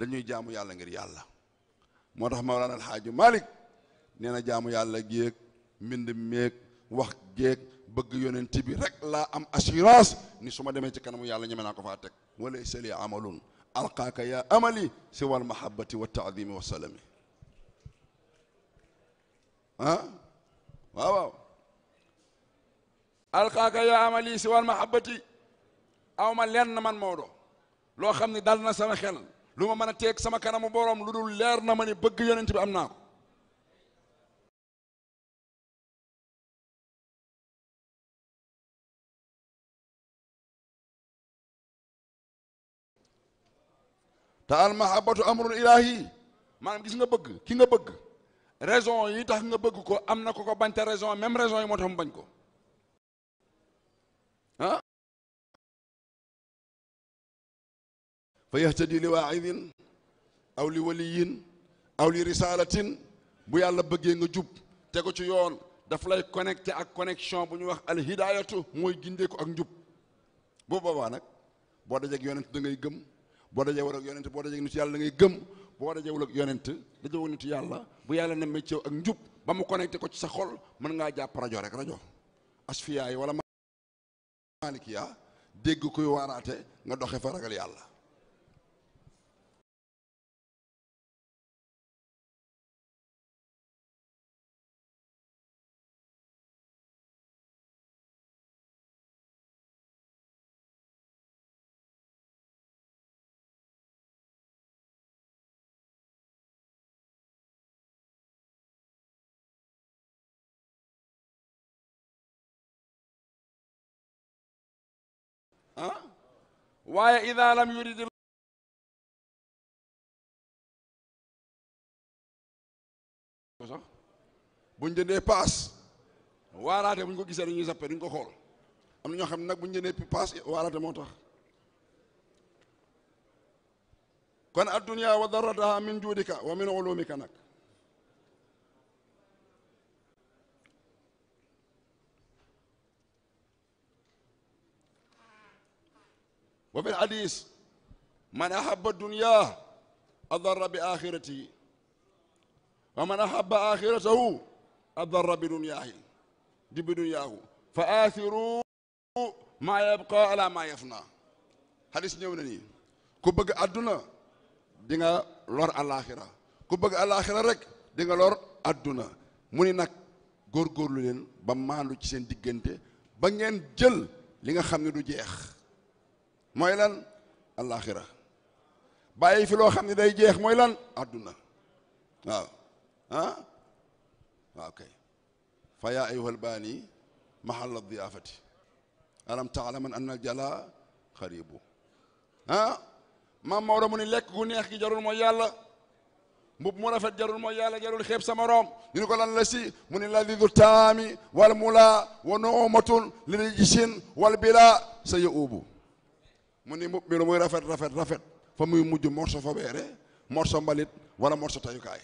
dañuy jaamu yàlla ngir yàlla moo tax Mawlana El Hadj Malick nee na jaamu yàlla géeg mbind méeg wax géeg bëgg yonent bi rek laa am assurance ni su ma demee ci kanamu yàlla ñeme naa ko faa teg walay sali alqaaka yaa amali si wal mahabbati wa taadimi wa salami ah waaw waaw alqaaka aw ma lenn man Maodo loo xam ne dal na sama xel lu ma mën a teeg sama kanamu borom lu dul leer na ma ni bëgg yonent bi am naa ko te almahabatu amrul ilahi maanaam gis nga bëgg ki nga bëgg raison yi tax nga bëgg ko am na ko ko bañte raison même raison yi moo tax mu bañ ko ah fa yahtadi li waaidin aw li waliyin aw li risalatin bu yàlla bëggee nga jub te ko ci yoon daf lay connecté ak connexion bu ñu wax al hidayatu mooy ko ak njub boo boobaa nag boo dajeeg yonent da ngay gëm boo dajee war ak yonent boo dajeeg nit yàlla da ngay gëm boo dajewul ak yonent dajewul nit yàlla bu yàlla ne métier ak njub ba mu connecté ko ci sa xol mën ngaa jàpp rajo rek rajo asfiya yi wala malikiya dégg kuy waaraate nga doxe fa ragal yàlla ah waaye ida lam yurid ko sax buñ jëndee paas waaraate buñ ko gisee dañuy sappe duñ ko xool am na ñoo xam nag buñ jëndee paas waaraate moo tax kon addunya wa darrataha min juudika wa min ulumika nag وفي الحديث من أحب الدنيا أضر بآخرته ومن أحب آخرته أضر بدنياه دي بدنياه فآثروا ما يبقى على ما يفنى حديث ñëw na nii ku bëgg àdduna di nga lor alaxira ku bëgg alaxira rek di nga lor àdduna mu ni nag góorgóorlu leen ba maandu ci seen diggante ba ngeen jël li nga xam ne du jeex mooy lan alaaxira bàyyi fi loo xam ne day jeex mooy lan àdduna waaw ah waaw kay fa yaa ayuhal baani mahal diyaafati alam taalaman jala xaribu ah maam Maodo mu ni lekk gu neex gi jarul mooy yàlla mbub mu rafet jarul mooy yàlla jarul xeeb sama ni ko lan la si mu ni ladidu taami wal mula wa noomatun lil jisin wal bila sa ya mu ni mbub mi lu muy rafet rafet rafet fa muy mujj morso fa beere morso mbalit wala morso tayukaay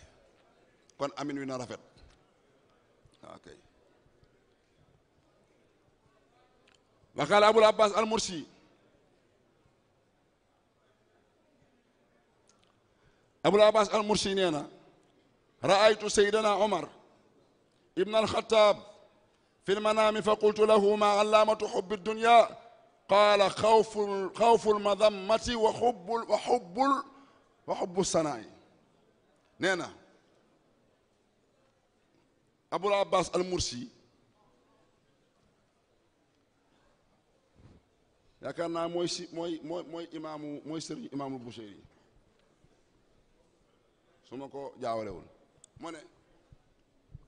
kon amin wi na rafet ok waqaala abul abbas al mursi abul abbas al mursi nee na raaytu saydana omar ibn alxataab fi lmanaami fa qultu lahu ma alaamatu xubbi dunya qaala xawfu xawful madammati wa xubbul wa xubbul wa xubbu sanaay nee na abul abbas al mursi yaakaar naa mooy si mooy mooy mooy imaamu mooy sëriñ imaamul Buseyri su ma ko jaawalewul mu ne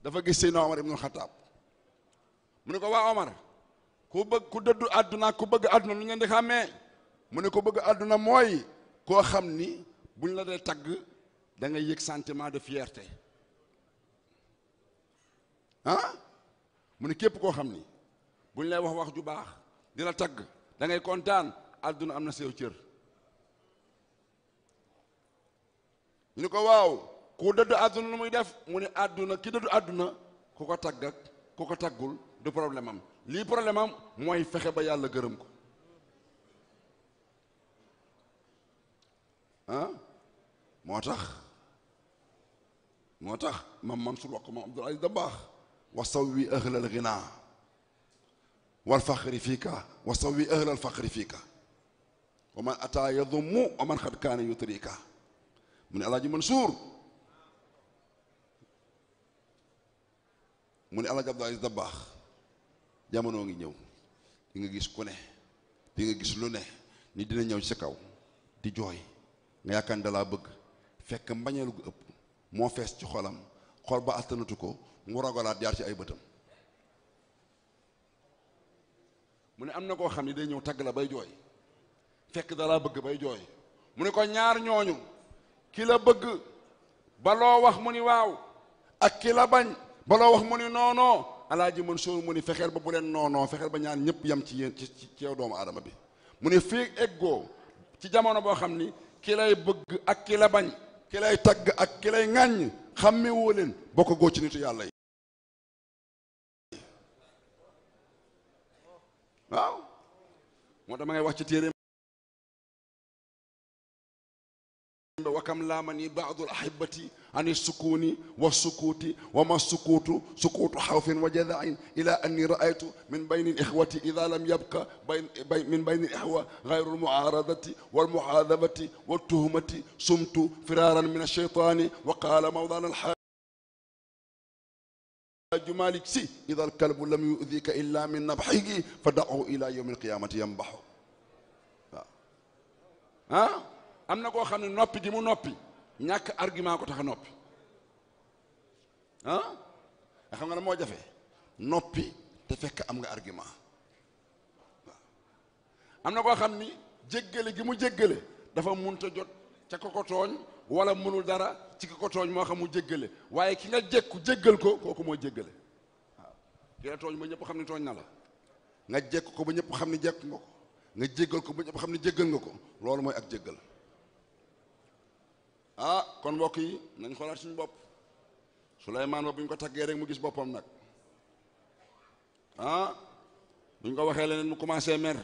dafa gis Seydina Omar ibnul Xataab mu ne ko waa Omar ku bëgg ku dëddu àdduna ku bëgg àdduna lu ngeen di xàmmee mu ne ko bëgg àdduna mooy koo xam ni buñ la dee tagg da ngay yëg sentiment de fierté ah mu ne képp koo xam ni buñ lay wax wax ju baax di la tagg da ngay kontaan àdduna am na sew cër ñu ne ko waaw ku dëddu àdduna lu muy def mu ne àdduna ki dëddu àdduna ku ko tagg ak ku ko taggul du problème am lii problème am mooy fexe ba yàlla gërëm ko ah moo tax moo tax mam Mansour wax ko mam Abdoul Aziz Dabakh wa sawwi ahlal ghina wal faqri fiika wa sawwi ahlal faqri fiika wa man ataa yadummu wa man xad kaana yutrika mu ne alaaji Mansour mu ne alaaji Abdoul Aziz Dabakh jamono ngi ñëw di nga gis ku ne di nga gis lu ne ni dina ñëw ci kaw di jooy nga yaakaar dalaa bëgg fekk mbañeelu gu ëpp moo fees ci xolam xol ba attanatu ko mu ragalaat jaar ci ay bëtam mu ne am na koo xam ne day ñëw tagg la bay jooy fekk dalaa bëgg bay jooy mu ne ko ñaar ñooñu ki la bëgg ba loo wax mu ni waaw ak ki la bañ baloo wax mu ni noonoo alaaji Mansour mu ni fexeel ba bu leen noonoo fexeel ba ñaan ñëpp yem ci yéen ci ci yow doomu aadama bi mu ne fii eggoo ci jamono boo xam ni ki lay bëgg ak ki bañ ki tagg ak ki lay ŋàññ xàmme woo leen bokk goo ci nitu yàlla yi waaw moo tax ma ngay wax ci téere وكم لامني بعض الأحبة عن السكون والسكوت وما السكوت سكوت خوف وجذع إلى أني رأيت من بين الإخوة إذا لم يبقى بين بين من بين الإخوة غير المعارضة والمعاذبة والتهمة صمت فرارا من الشيطان وقال مولانا الحاج مالك سي إذا الكلب لم يؤذيك إلا من نبحه فدعه إلى يوم القيامة ينبح ها am na koo xam ne noppi gi mu noppi ñàkk argument ko tax a noppi a xam nga ne moo jafe noppi te fekk am nga argument am na koo xam ni jéggale gi mu jéggale dafa mun ta jot ca ko ko tooñ wala mënul dara ci ki ko tooñ moo xam mu jéggale waaye ki nga jekku jéggal ko kooku moo jéggale waaw ki la tooñ ba ñëpp xam ne tooñ na la nga jekk ko ba ñëpp xam ne jekk nga ko nga jéggal ko ba ñëpp xam ne jéggal nga ko loolu mooy ak jéggal ah kon mbokk yi nañ xoolaat suñu bopp Souleymane ba bu ñu ko taggee rek mu gis boppam nag ah bu ñu ko waxee leneen mu commencé mer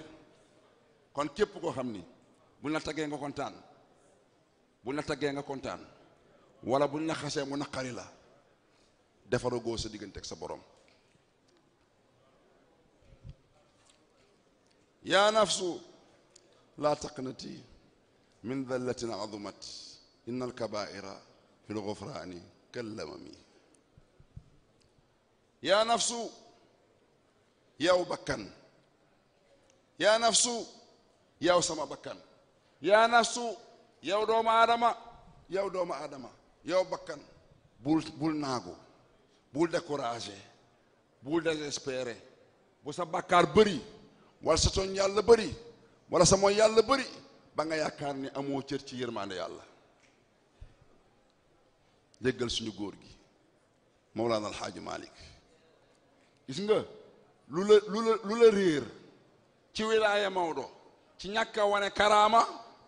kon képp koo xam ni buñ la taggee nga kontaan buñ la taggee nga kontaan wala buñ la xasee mu naqari la defara góor sa diggante ak sa borom yaa nafsu laa taq na taqnati min dallatin azumat inna alkabaira fi lgufraani kallamami yaa nafsu yow bakkan yaa nafsu yow sama bakkan yaa nafsu yow doomu aadama yow doomu aadama yow bakkan bul bul naagu bul découragé bul désespéré bu sa bàkkaar bëri wala sa tooñ yàlla bëri wala sa mooy yàlla bëri ba nga yaakaar ni amoo cër ci yërmaande yàlla déggal suñu góor gi Mawlana El Hadj Malick gis nga lu la lu la lu la réer ci wilaaya Maodo ci ñàkka a wane karaama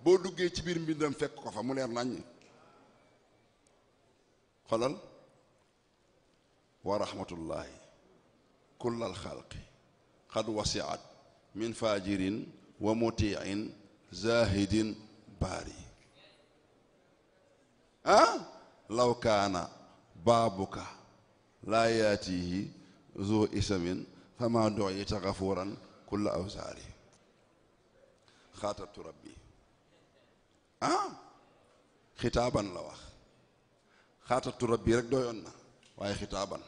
boo duggee ci biir mbindam fekk ko fa mu leer naññ xolal wa rahmatullahi kullal xalqi xad wasiat min fajirin wa mutiin zahidin baari ah law kaana baabuka laa yaatihi zu isamin fama doyita gafuran kulla awsaari xaatabtu rabbi ah xitaaban la wax xaatabtu rabbi rek doyoon na waaye xitaaban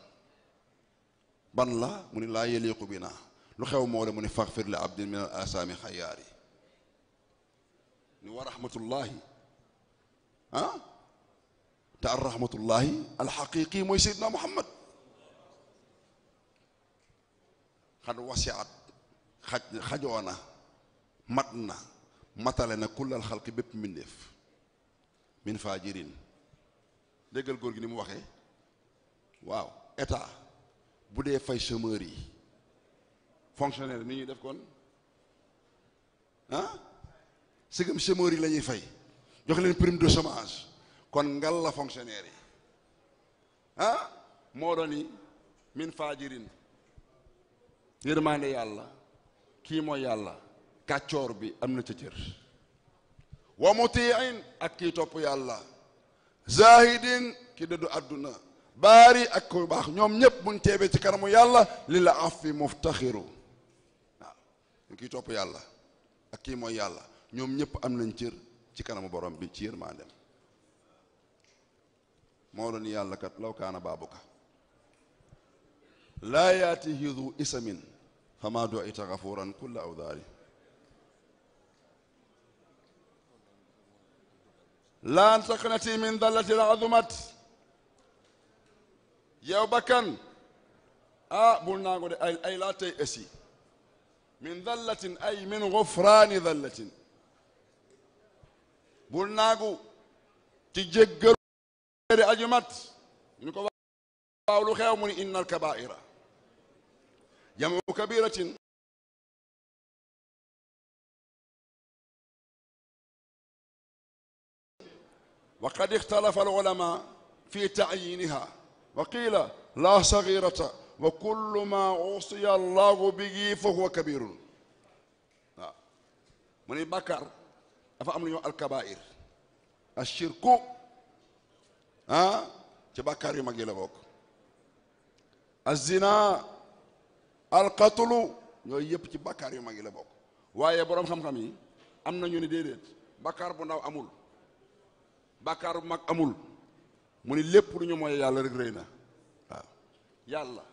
ban la mu ni laa yeliqu bina lu xew moo le mu ni faxfir li abdin min al asaami xayaari ni wa rahmatullahi ah te ar rahmatullahi alxaqiqi mooy seydina muhammad xad wasiat xaj xajoona mat na matale na kullal xalqi bépp mbindeef min faajirin déggal góor gi ni mu waxe waaw état bu dee fay chômeur yi fonctionnaire ni ñuy def kon ah sëgam yi lañuy fay jox leen prime de chômage kon ngal la fonctionnaire yi ah moo dooni min faajirin yërmaande yàlla kii mooy yàlla kàccoor bi am na ca cër wa mutiin ak kii topp yàlla zahidin ki dëddu àdduna baari ak ku baax ñoom ñépp buñ teebee ci kanamu yàlla li la afi muftaxiru waaw kii topp yàlla ak kii mooy yàlla ñoom ñépp am nañ cër ci kanamu borom bi ci yërmaandeem moo doon yàlla kat law kaana baabuka laa yaatihi du isamin fama duita gafuran kulla awdaari laan taqnati min dallatil azumat yow bakkan ah bul naango de ay ay laa tey ësi min dallatin ay min gufraani dallatin bul naagu ci jéggal de aju mat ñu ko waaw lu xew mu ni inna alkabaira jamu kabiratin wa qad ixtalafa alulama fi tacyiniha wa qila la sagirata wa kullu ma usiya allahu bihi fa huwa kabirun waaw mu ni bàkkaar dafa am lu ñuy wax alkabair ashirku Ah, ci bakkaar yu mag yi la bokk azina alqatlu yooyu yëpp ci bàkkaar yu mag yi la bokk waaye boroom xam-xam yi am na nañu ni déedéet bàkkaar bu ndaw amul bàkkaar bu mag amul mu ni lépp lu ñu mooy yàlla rek rëy na yàlla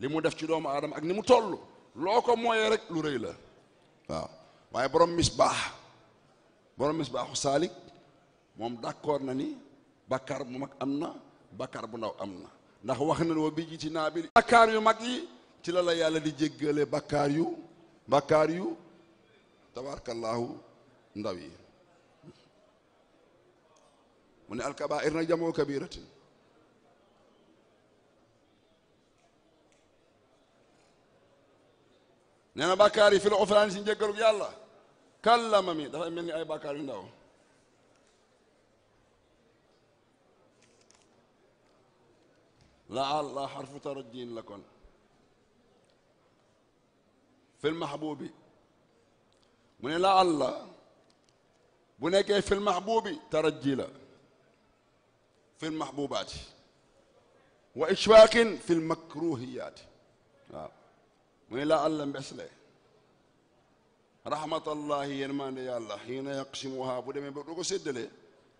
li mu def ci doomu aadama ak ni mu toll loo ko mooyee rek lu rëy la waaw waaye boroom misbaax borom misbaaxu saalik moom d'accord na ni bàkkaar bu mag am na bàkkaar bu ndaw am na ndax wax na wa bi ji ci naa bi yu mag yi ci la la yàlla di jéggale bàkkaar yu bàkkaar yu tabarakallaahu ndaw yi mu ne alkabair nag jamoo kabiratin nee na bàkkaar yi fi la ofraan si njéggalu yàlla kàllama mi dafay mel ni ay bàkkaar yu ndaw لعل حرف ترجي لكن في المحبوب mu ne لعل bu nekkee في المحبوب ترجي la في المحبوبات وإشواق في المكروهيات waaw mu ne لعل mbes le rahmatullahi yërmande yàlla xiina yaqsimuha bu demee ba du ko séddale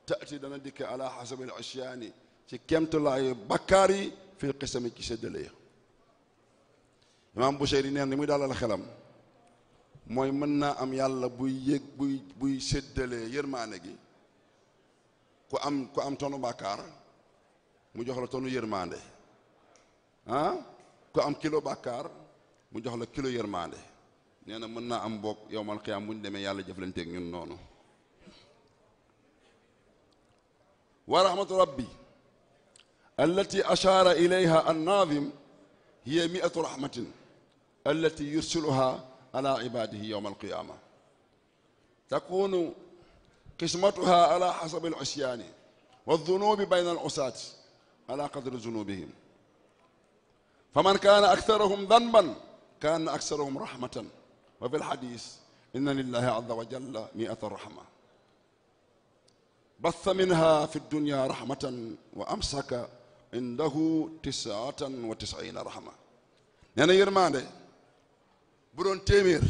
taati dana dikk ala xasabil isyaani ci kemtulaayu bakkaar yi fil xisami ci séddale ya imaam yi neen li muy dalal xelam mooy mën naa am yàlla buy yëg buy buy séddale yërmaane gi ku am ku am tonu bàkkaar mu jox la tonu yërmaande ah ku am kilo bàkkaar mu jox la kilo yërmaande nee na mën naa am boog yowmal xiyaam bu demee yàlla jëflanteeg ñun noonu wa rahmatu rabbi التي أشار إليها الناظم هي مئة رحمة التي يرسلها على عباده يوم القيامة تكون قسمتها على حسب العصيان والذنوب بين العصاة على قدر ذنوبهم فمن كان أكثرهم ذنبا كان أكثرهم رحمة وفي الحديث إن لله عز وجل مئة رحمة بث منها في الدنيا رحمة وأمسك indahu tisaatan wa bu doon téeméer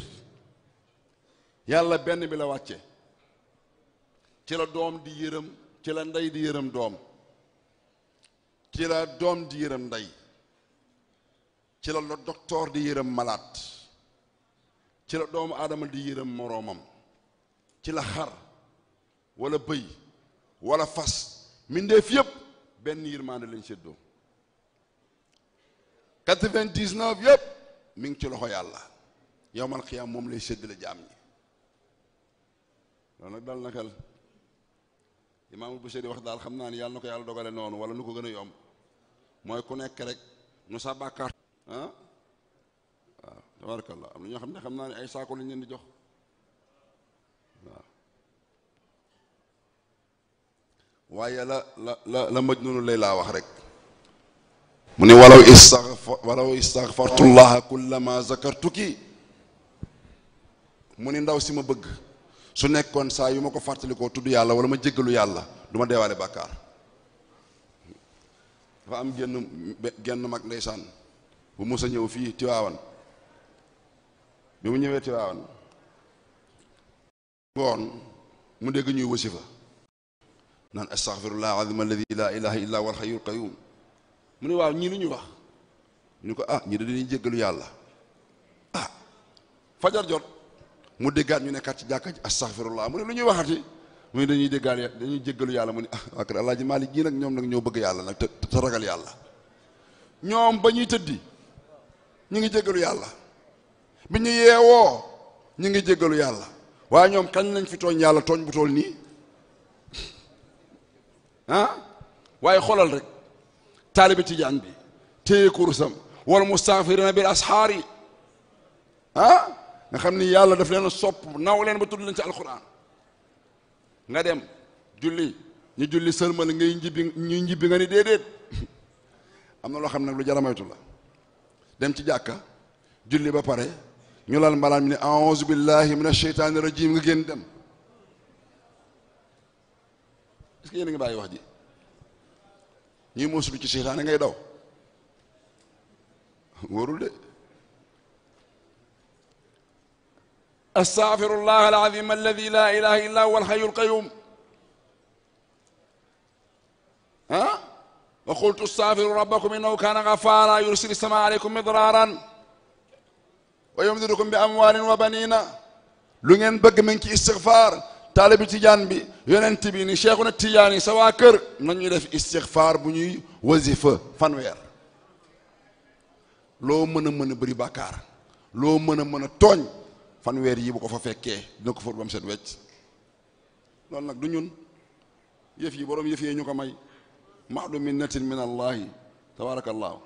yàlla benn bi la wàcce ci la doom di yërëm ci la ndey di yërëm doom ci la doom di yërëm ndey ci la la di yërëm malaat ci la doomu aadama di yërëm moroomam ci la xar wala bëy wala fas mindeef yépp benn yërmande lañ séddoo quatre vingt dix mi ngi ci loxo yàlla yowmal xiyaam moom lay séddale jaam ñi loolu nag dal na xel imaamul bu séddi wax daal xam naa ni yàlla na ko yàlla dogale noonu wala nu ko gën a yomb mooy ku nekk rek nu sa bàkkaar ah waaw tabarakallah am na ñoo xam ne xam naa ne ay saako lañ leen di jox waaye la la la la majnunu lay laa wax rek mu ne walaw istaghfa walaw istaghfartullaha kullama zakartuki mu ni ndaw si ma bëgg su nekkoon saa yu ma ko fàttalikoo tudd yàlla wala ma jéggalu yàlla du ma deewaale bàkkaar dafa am genn genn mag ndeysaan bu mos a ñëw fii Tiwaawan bi mu ñëwee Tiwaawan mu dégg ñuy wasifa naan astaghfirullah azim alladi la ilaha illa wal xayul qayum mu ne waaw ñii lu ñuy wax ñu ko ah, dañuy jéggalu yàlla ah fajar jot mu déggaat ñu nekkaat ci jàkka ji astaghfirullah mu ne lu ñuy waxati mu ne dañuy déggaat dañuy jéggalu yàlla mu ne ah ak alaaji maalik jii nag ñoom nag ñoo bëgg yàlla nag te te yàlla ñoom ba ñuy tëddi ñu ngi jéggalu yàlla bi ñu yeewoo ñu ngi jéggalu yàlla waaye ñoom kañ lañ fi tooñ yàlla tooñ bu tool nii ah waaye xoolal rek taalibi tijaan bi téye kursam wal mustaghfirina bi ashaari ah nga xam ni yàlla daf leen sopp naw leen ba tudd leen ci alquran nga dem julli ñu julli sërmal ngay njibbi ñuy njibbi nga ni déedéet am na loo xam nag lu jar a la dem ci jàkka julli ba pare ñu lal mbalaan mi ne a'uzu billahi minash shaytaani rajim nga génn dem est-ce que yéen a ngi bàyyi wax ji ñuy mosutu ci seytaane ngay daw wóorul de astaghfirullah alazim alladi la ilaha illa huwa alhayyul qayyum ah wa qultu astaghfiru rabbakum innahu kana ghafara yursil sama aleykum midraran wa yumdidukum bi amwalin wa banina lu ngeen bëgg mi ngi ci istighfar taalibi tijaan bi yonent bi ni na tijaan yi sawaa waa kër nañu def istixfaar bu ñuy wasifa fanweer loo mën a mën a bëri bàkkaar loo mën a mën a tooñ fanweer yi bu ko fa fekkee dina ko fóot ba mu wecc loolu nag du ñun yëf yi boroom yëf yee ñu ko may mahdu minnatin min allahi tabaraka allahu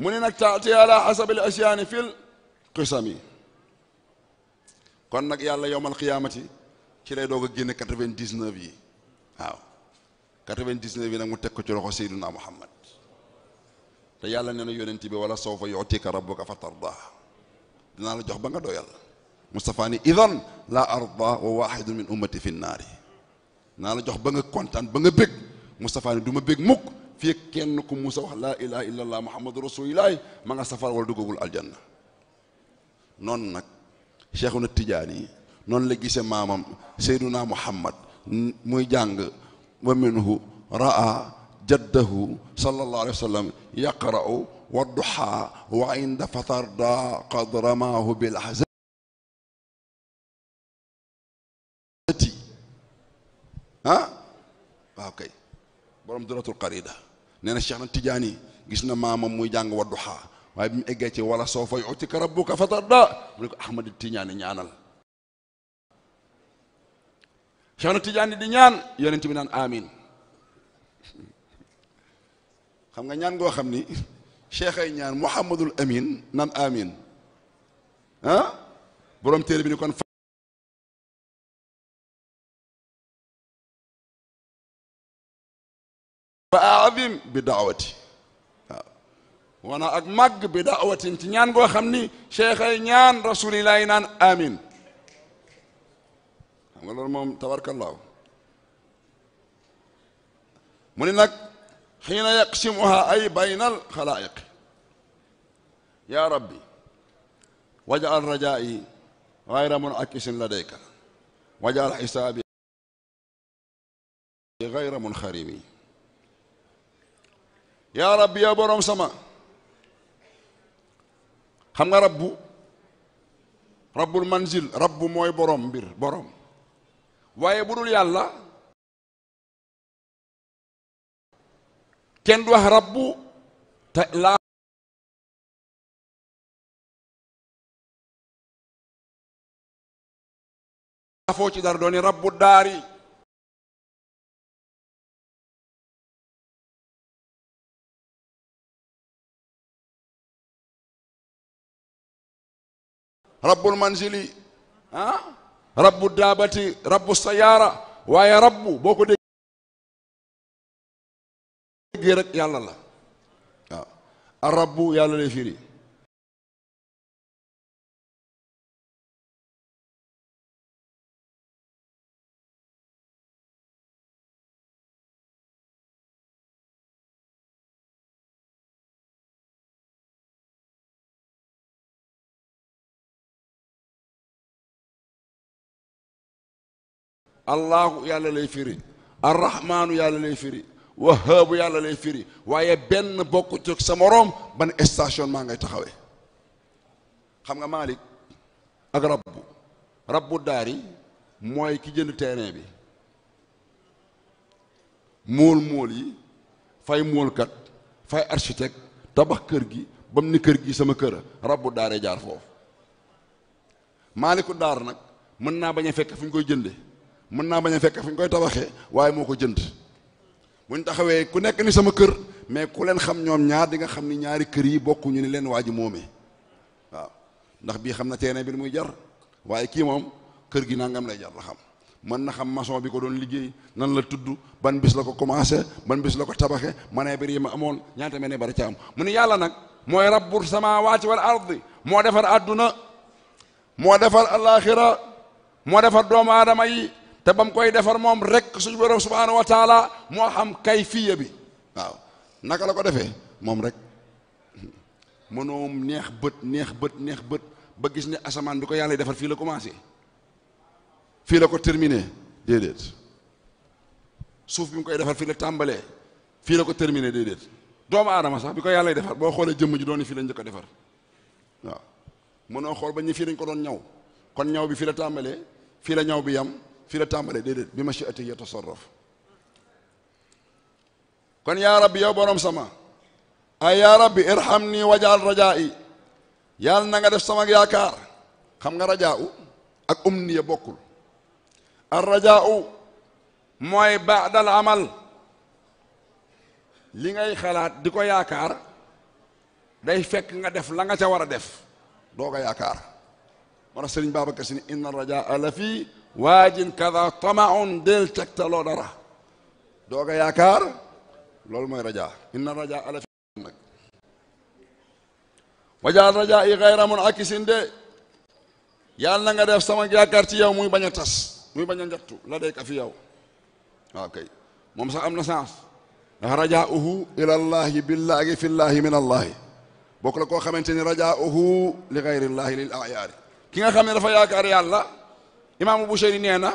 mu ne nag taati ala xasabil asyaani fil qisami kon nag yàlla yowmal xiyaamati ci lay doog a génne quatre-vingt-dix-neuf yi waaw quatre vingt yi nag mu teg ko ci loxo Seydina Muhammad te yàlla nee na yonent bi wala sawfa yu'tika rabbuka fatarda naa la jox ba nga doyal Moustapha ni idan la arda wa wahidun min ummati fi naari naa la jox ba nga kontaan ba nga bég Moustapha ni du ma bég mukk fii kenn ku musa wax laa ilaha illa allah muhammadu rasulillah ma nga safar wala duggagul aljanna noonu nag Cheikhuna Tijaani noonu la gisee maamam Seyduna Muhammad muy jàng wa minhu raa jaddahu sallallahu alayhi wa sallam yaqra'u wa duhaa wa inda fatarda qad ramaahu bil ahzati ah waaw kay borom duratul qarida nee na Cheikhuna Tijaani gis na maamam muy jàng wa duhaa waaye bi mu eggee ci wala soo fa yutika rabbuka fatarda mu ne ko Ahmad Tidiane ñaanal Cheikh Tidiane di ñaan yonent bi naan amin xam nga ñaan ngoo xam ni cheikh ay ñaan Muhammadul Amin naan amin ah borom téere bi ni kon wana ak màgg bi daawatin ci ñaan goo xam ni cheikh ay ñaan rasulillah yi naan amin xam nga loolu moom tabarkallaahu mu ni nag xiina yaqsimuha ay baynal xalaaiq ya rabbi wajal rajaa'i gayra muncakisin ladayka wajal xisaabi gayra munxarimi ya rabbi ya borom sama xam nga rabbu rabbul manzil rabbu mooy borom mbir borom waaye bu dul yàlla kenn du wax rabbu te laa foo ci dara dooni rabbu daari rabbul manzili ah rabbu daabati rabbu sayaara waaye rabbu boo ko déggee rek yàlla la waaw rabbu yàlla lay firi allahu yàlla lay firi arrahmaanu yàlla firi yàlla lay firi waaye benn bokku ci sa moroom station maa ngay taxawee xam nga Malick ak rabbu rabbu daari mooy ki jënd terrain bi mool mool yi fay moolkat fay architecte tabax kër gi ba mu ni kër gi sama kër rabbu daaree jaar foofu maaliku daar nag mën naa bañ a fekk fu ñu koy jënde mën naa bañ a fekk fu ñu koy tabaxee waaye moo ko jënd bu ñu taxawee ku nekk ni sama kër mais ku leen xam ñoom ñaar di nga xam ni ñaari kër yi bokkuñu ni leen waa ji moomee waaw ndax bii xam na terrain bi muy jar waaye kii moom kër gi nangam lay jar la xam mën na xam maçon bi ko doon liggéey nan la tudd ban bis la ko commencé ban bis la ko tabaxee ma tabaxe maneebar yi ma amoon ñaata maneebar ca am mu ni yàlla nag mooy rabbur samaawaati wal ardi moo defar àdduna moo defar alaaxira moo defar doomu aadama te ba mu koy defar moom rek suñu borom subhaanahu wa taala moo xam kayfiya bi waaw naka la ko defee moom rek mënoom neex bët neex bët neex bët ba gis ne asamaan bi ko yàlla defar fii la commencé fii la ko terminé déedéet suuf bi mu koy defar fii la tàmbalee fii la ko terminer déedéet doomu aadama sax bi ko yàlla defar boo xoolee jëmm ji doon fii la njëkk a defar waaw mënoo xool ba ñu fii lañ ko doon ñaw kon ñaw bi fii la tàmbalee fii la ñaw bi yam fii la tàmbalee déedéet bi ma si ati yatasarraf kon yaa rabbi yow borom sama ay yaa rabbi irham nii wajaal rajaa yi yàlla na nga def sama yaakaar xam nga rajaa u ak umniya bokkul ar rajaa u mooy baadal amal li ngay xalaat di ko yaakaar day fekk nga def la nga ca war a def doo yaakaar moo tax sëriñ Babacar Si ni rajaa la waajin kada tamaun del tegtaloo dara doog a yaakaar loolu mooy raja inna raja ala fi nag wajaal raja yi xayra mun de yàlla na nga def sama yaakaar ci yow muy bañ tas muy bañ a njattu la dee ka fi yow ah, moom sax am na sens ndax raja uhu ilallahi billahi fillahi min allahi bokk la koo xamante ni raja uhu li xayrillaahi lil ayaari ki nga xam ne dafa yaakaar yàlla imaamu Bushayri nee na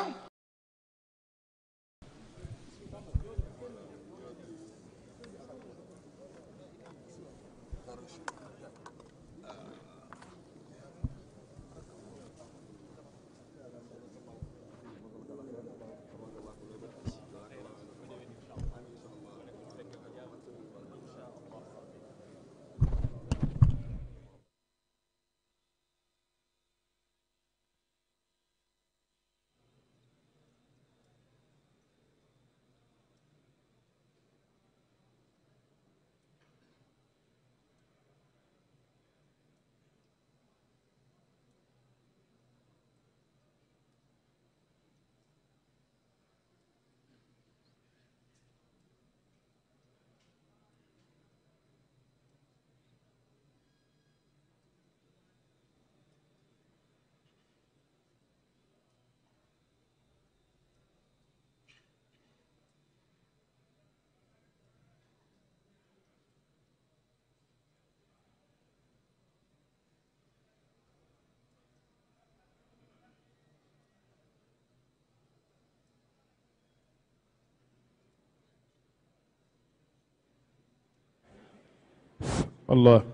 Allah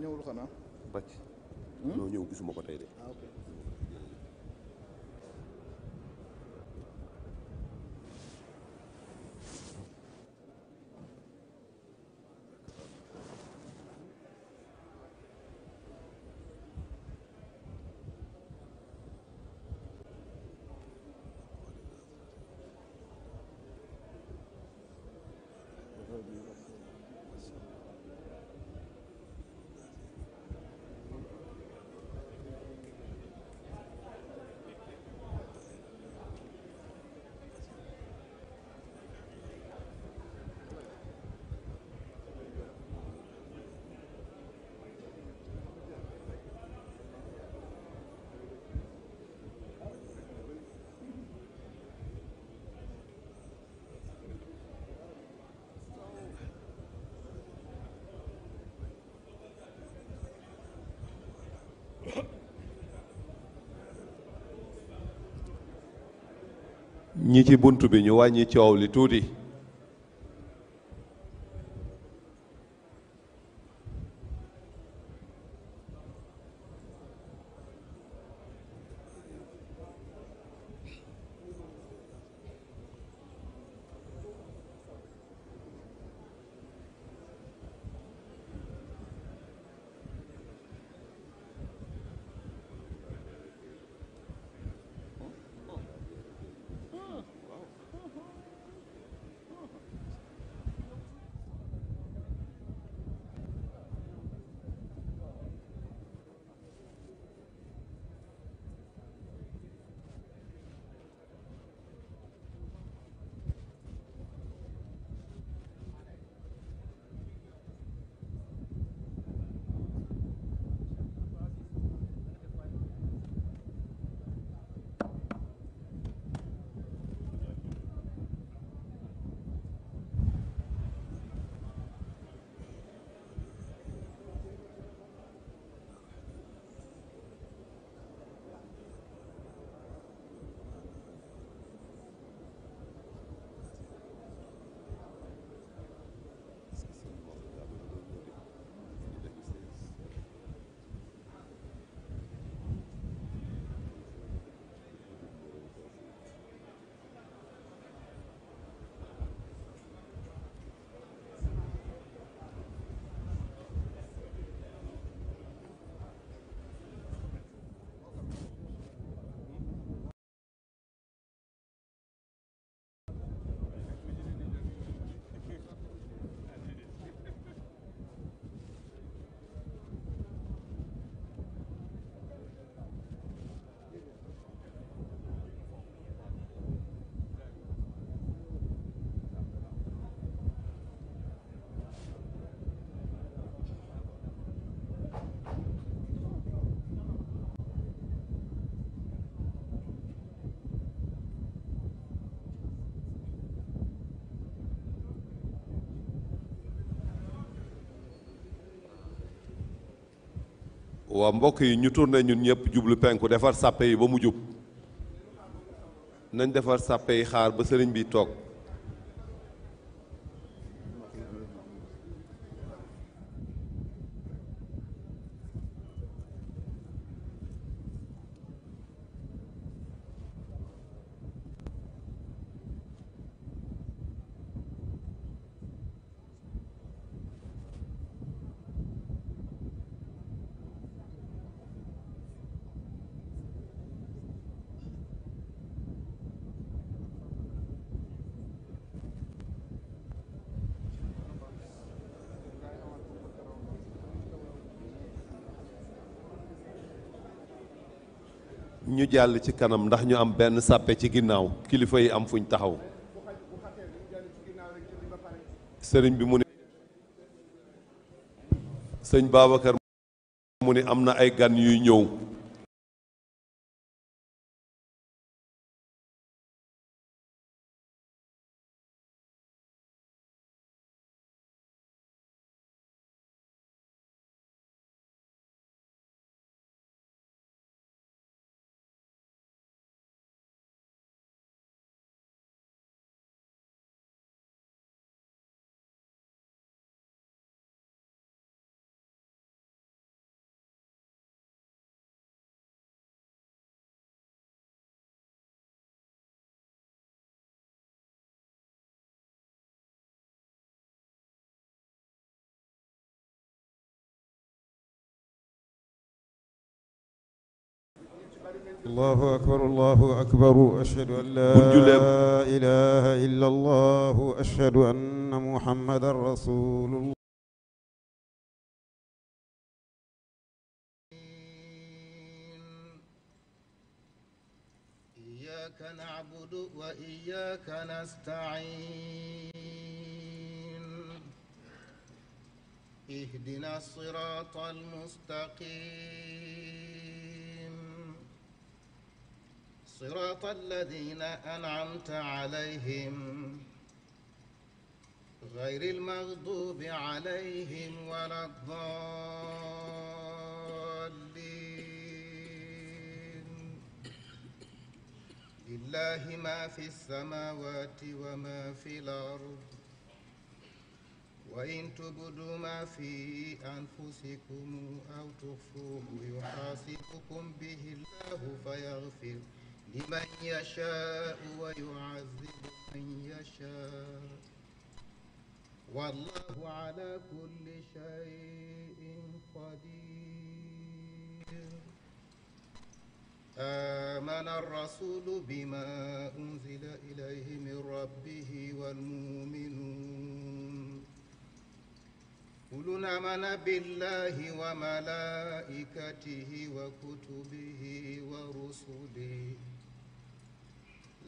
ñëwul xanaa ñi ci bunt bi ñu wàññi coow li tuuti waaw mbokk yi ñu tourné ñun ñëpp jublu penku defar sàppe yi ba mu jub nañ defar sàppe yi xaar ba sëriñ bi toog jàll ci kanam ndax ñu am benn sàppe ci ginnaaw kilifa yi am fuñ taxaw sëriñ bi mu ni sëñ Babacar mu ni am na ay gan yuy ñëw allahu akbar allahu akbar ashhadu an laa ilaaha illa allahu ashhadu anna muhammadan rasulullah إياك نعبد وإياك نستعين اهدنا الصراط المستقيم صراط الذين أنعمت عليهم غير المغضوب عليهم ولا الضالين لله ما في السماوات وما في الأرض وإن تبدوا ما في أنفسكم أو تخفوه يحاسبكم به الله فيغفر لمن يشاء ويعذب من يشاء والله على كل شيء قدير آمن الرسول بما أنزل إليه من ربه والمؤمنون كل آمن بالله وملائكته وكتبه ورسله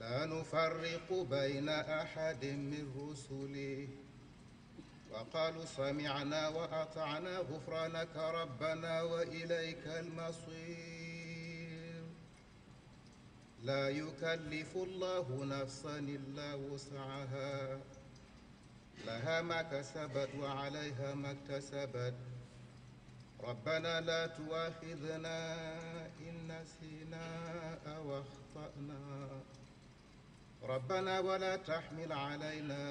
لا نفرق بين أحد من رسله وقالوا سمعنا وأطعنا غفرانك ربنا وإليك المصير لا يكلف الله نفسا إلا وسعها لها ما كسبت وعليها ما اكتسبت ربنا لا تواخذنا إن نسينا أو أخطأنا ربنا ولا تحمل علينا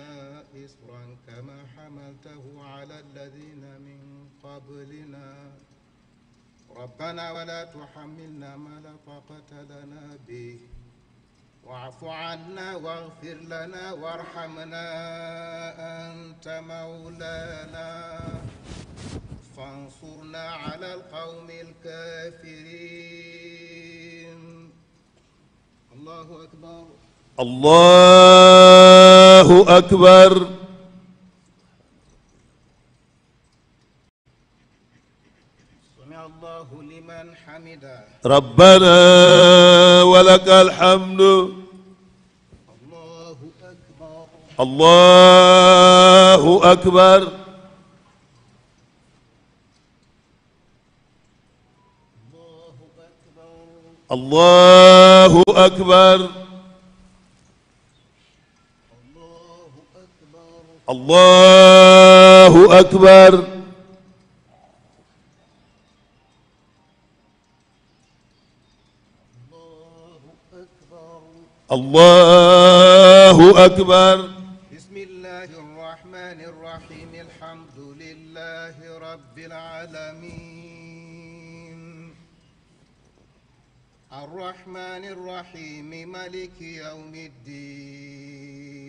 إصرا كما حملته على الذين من قبلنا ربنا ولا تحملنا ما لا طاقة لنا به واعف عنا واغفر لنا وارحمنا أنت مولانا فانصرنا على القوم الكافرين الله أكبر allahu akbar rabbana walaka alhamdu allahu akbar allahu akbar allahu akbar allahu akbar bismillahi rahmani rahim alhamdulillahi rabbil alamin arrahmani rahim maliki yawmi ddin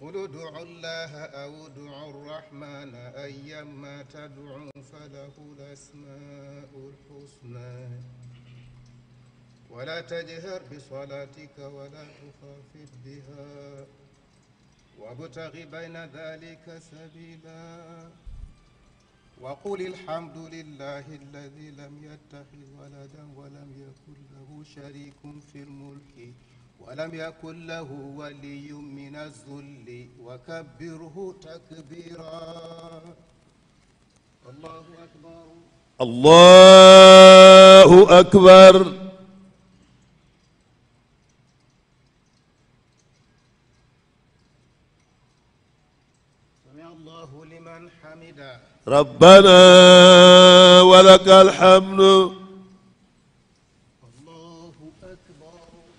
قل ادعوا الله أو ادعوا الرحمن أيما تدعوا فله الأسماء الحسنى ولا تجهر بصلاتك ولا تخافت بها وابتغ بين ذلك سبيلا وقل الحمد لله الذي لم يتخذ ولدا ولم يكن له شريك في الملك ولم يكن له ولي من الذل وكبره تكبيرا الله أكبر الله أكبر سمع الله لمن حمده ربنا ولك الحمد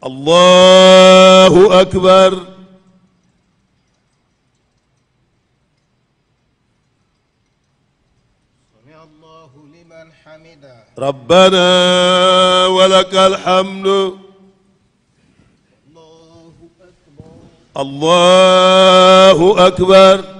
allahu akbar rabbana walaka alhamdu allahu akbar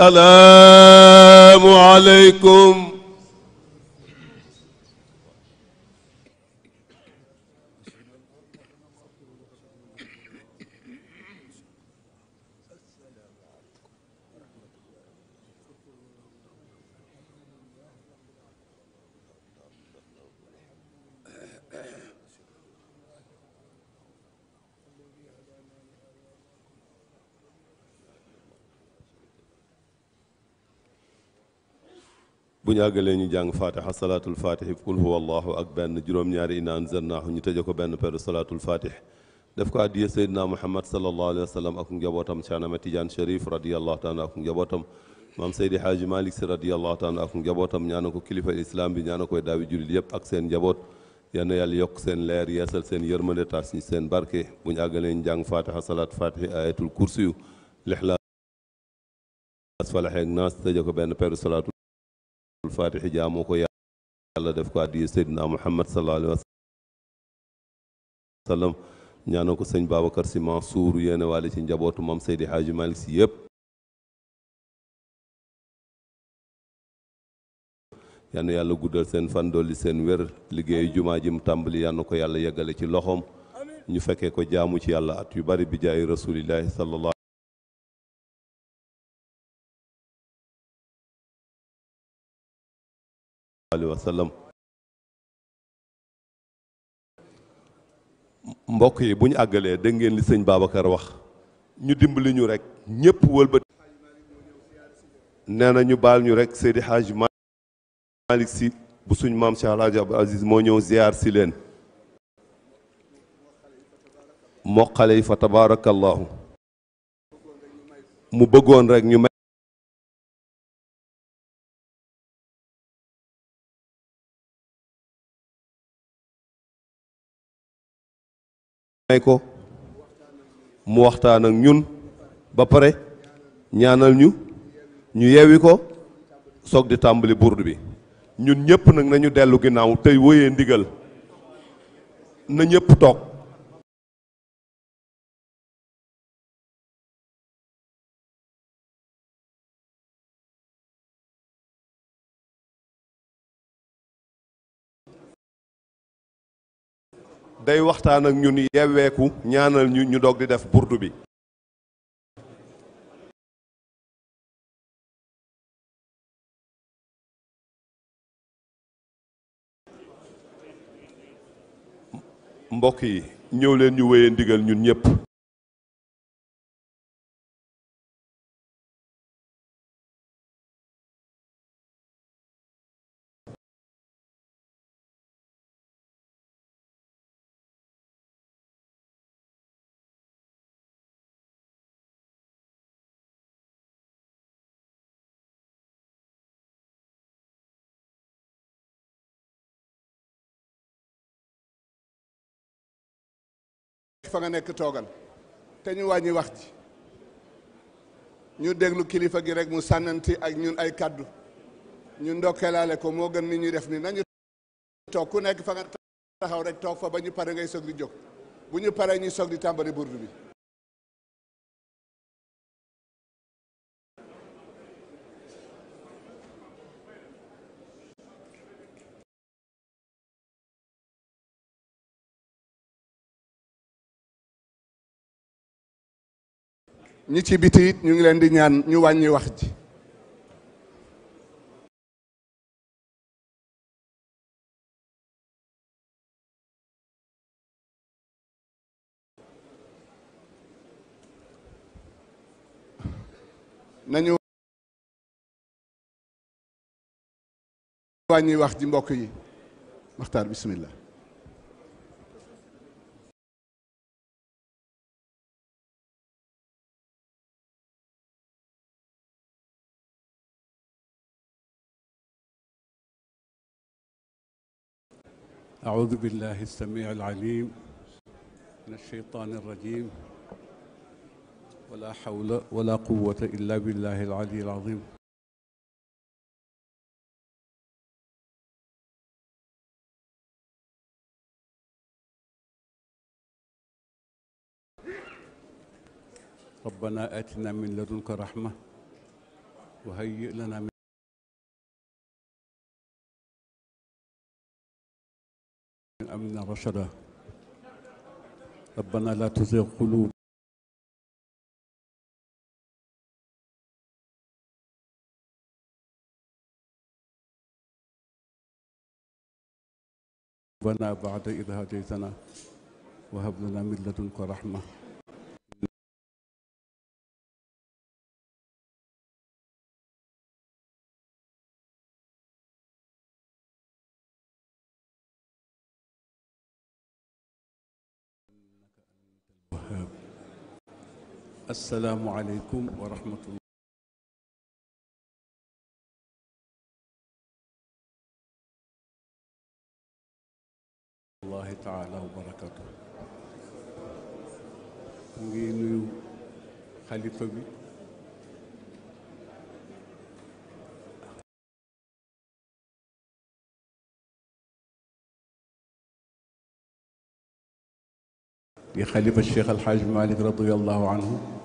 asalaamu aleykum àggalee ñu jàng faatiha salaatul faatih kul huwa allahu ak benn juróom-ñaari inna anzalnaahu ñu tëje ko benn peru salaatul faatih def ko addiye seydina muhammad sallallahu alayhi wa sallam ak njabootam Cheikh Ahmed Tidiane Chérif radiyallahu taala ak njabootam maam Seydi Haaji Malick Si radiyallahu taala ak njabootam ñaana ko kilifa islam bi ñaana koy daawi jullit yëpp ak seen njaboot yann yàlla yokk seen leer yeesal seen yërmande taas ñi seen barke bu ñu àggalee ñu jàng faatiha salaat faatihi ayatul kursi yu lixlaas falaxeek naas tëje salatul faatixi ko yàlla def ko addiya seydina muhammad sallallahu alayhi wa sallam ñaanoo ko sëñ Babacar Si Mansour yéene waale ci njabootu mam Seydi Haaji Malick si yépp yal na yàlla guddal seen fan dolli seen wér liggéeyu jumaa ji mu tàmbali yal na ko yàlla yeggale ci loxoom ñu fekke ko jaamu ci yàlla at yu bari bi jaay rasulillahi sallallahu alayhi wa sallam mbokk yi bu ñu àggalee dégg ngeen li sëñ Babacar wax ñu dimbali ñu rek ñëpp wëlbati nee na ñu baal ñu rek Seydi Hadj Malick si bu suñ maam Cheikh Alhaji Abdou Aziz moo ñëw ziar ci leen moqale yi fa tabarakallahu mu bëggoon rek ñu ko mu waxtaan ak ñun ba pare ñaanal ñu ñu yewi ko soog di tàmbali burdu bi ñun ñëpp nag nañu dellu ginnaaw tey wóyee ndigal na ñëpp toog day waxtaan ak ñun yeweeku ñaanal ñu ñu doog di def burdu bi mbokk yi ñëw leen ñu wéyee ndigal ñun ñëpp fa nga nekk toogan te ñu wàññi wax ji ñu déglu kilifa gi rek mu sànnanti ak ñun ay kaddu ñu ndokkeelaale ko moo gën ni ñuy def ni nañu toog ku nekk fa nga taxaw rek toog fa ba ñu paree ngay soog di jóg bu ñu paree ñuy soog di tàmbali burdu bi ñi ci biti ñu ngi leen di ñaan ñu wàññi wax ji nañu wàññi wax ji mbokk yi Maxtaar bismillah أعوذ بالله السميع العليم من الشيطان الرجيم ولا حول ولا قوة إلا بالله العلي العظيم ربنا آتنا من لدنك رحمة وهيئ لنا من وهمنا رشدا ربنا لا تزغ قلوب ربنا بعد إذ هديتنا وهب لنا من لدنك رحمه asalaamualeykum wa rahmatullah allahi taala wa barakatu mu ngi nuyu xalifa bi di xalifa cheikh alxaaj malik radiallahu anhu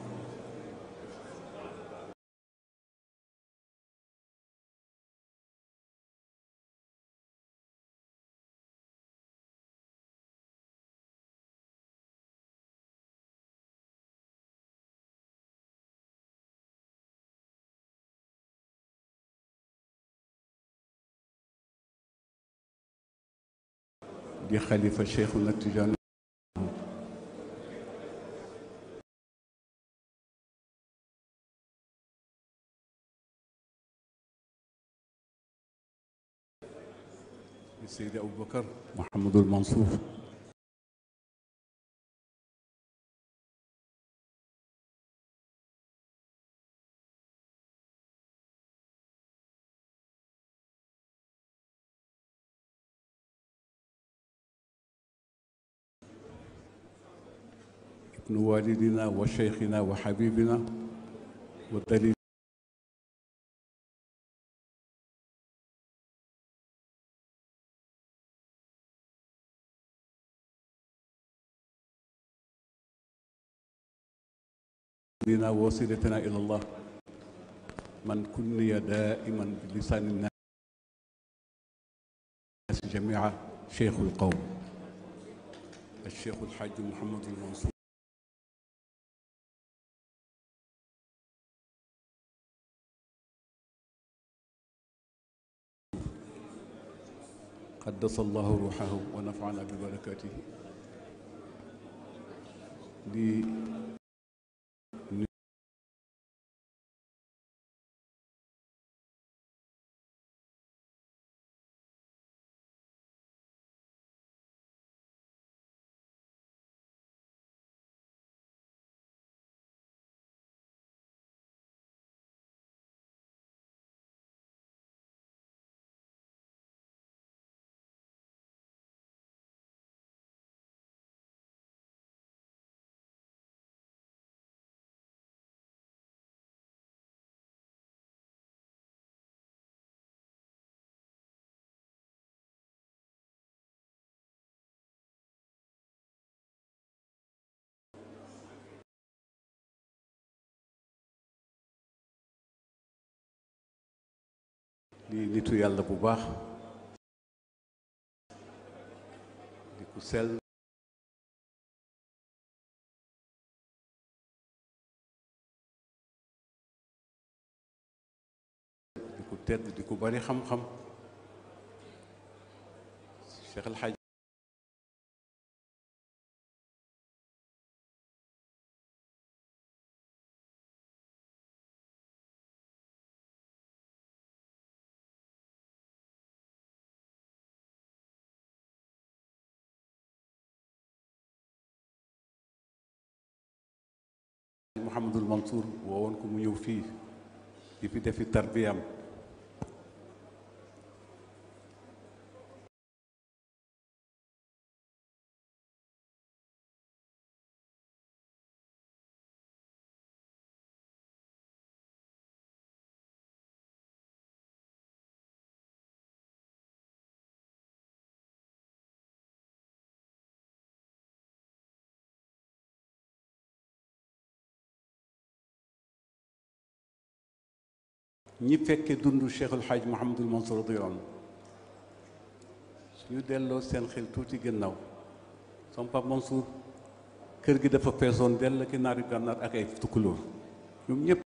di xalifa Cheikhuna Tijaan Seydi Aboubacar Mouhamadul Mansour ابن والدنا وشيخنا وحبيبنا والدليل لنا وصلتنا إلى الله من كني دائما بلسان الناس جميعا شيخ القوم الشيخ الحاج محمد المنصور qaddasa allahu ruuxahu wa nafaana bi barakaatihi di di nitu yàlla bu baax di ku sell di ku tedd di ku bari xam-xam Cheikh El Mouhamadul Mansour woowoon ko mu ñëw fii di fi defi tarbiyaam ñi fekkee dundu Cheikhul Hadj Mouhamadul Mansour radiyallahu anhu suñu delloo seen xel tuuti gannaaw son Pape kër gi dafa feesoon dell ki naari gànnaar ak ay tukkulóor ñoom ñëpp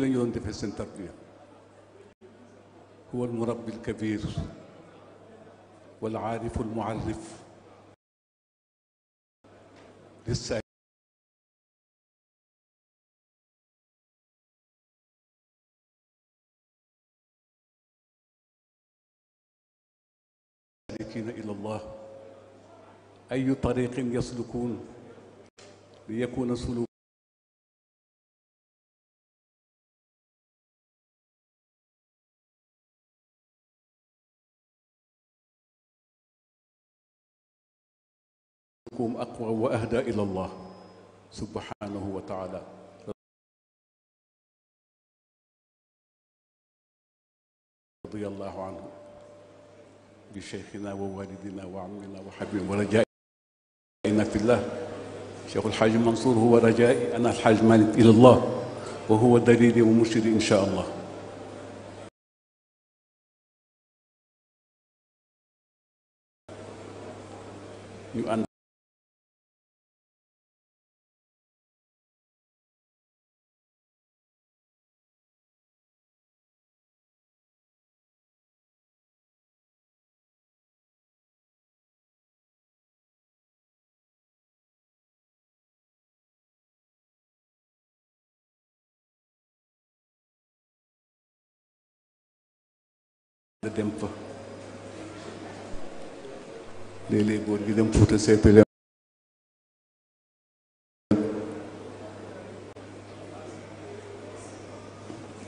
la ñu doon defee seen هو المربي الكبير والعارف المعرف لسه سالكين إلى الله أي طريق يسلكون ليكون سلوك أحدكم أقرب وأهدى إلى الله سبحانه وتعالى رضي الله عنه بشيخنا ووالدنا وعمنا وحبيبنا ورجائنا في الله شيخ الحاج منصور هو رجائي أنا الحاج مالك إلى الله وهو دليلي ومرشدي إن شاء الله ñu ànd la dem fa gi dem Fuuta seeti leen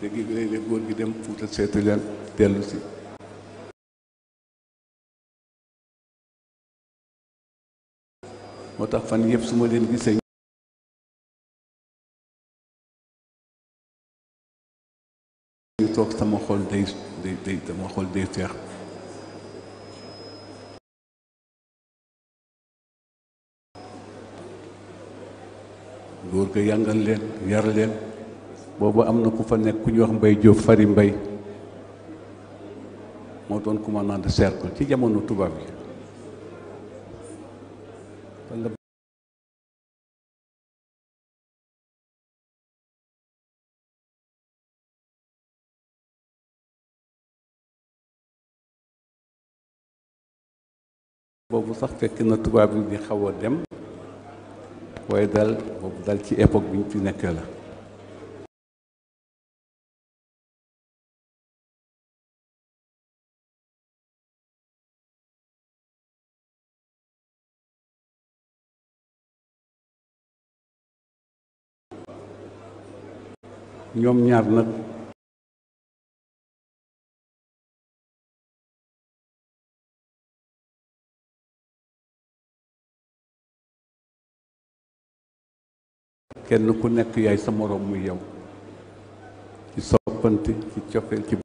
léegi góor gi dem Fuuta seetu leen dellu si moo tax fan yëpp suma ma leen gisee toog sama xol day day sama xol day feex góor ga yàngal leen yar leen boobu am na ku fa nekk ku ñuy wax Mbay Jóob Fari Mbay moo doon commandant de cercle ci jamono tubaab yi boobu sax fekk na tubaab yi di xaw dem waaye daal boobu daal ci époque bi ñu fi nekk la ñaar nag kenn ku nekk yaay sa moroom muy yow ci soppante ci cofeel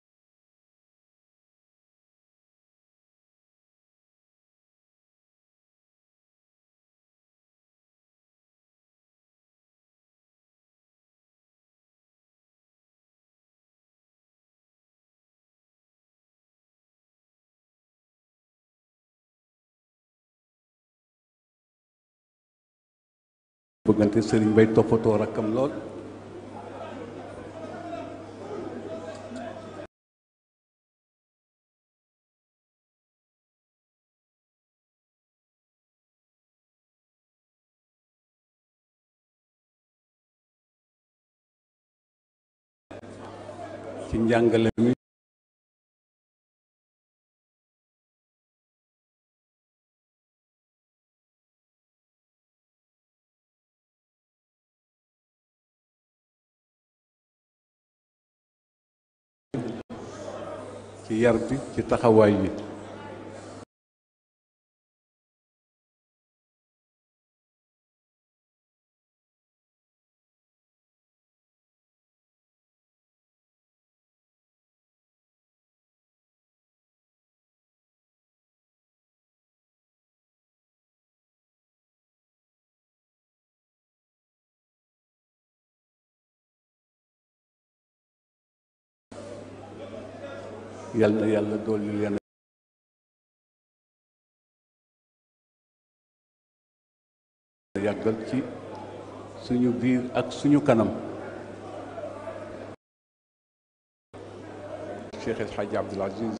diggante sëriñ bay toppatoo rakkam lool ci njàngale mi ci yar bi ci taxawaay bi yal na yàlla dolli leen yàggal ci suñu biir ak suñu kanam Cheikh El Hadj Abdoul Aziz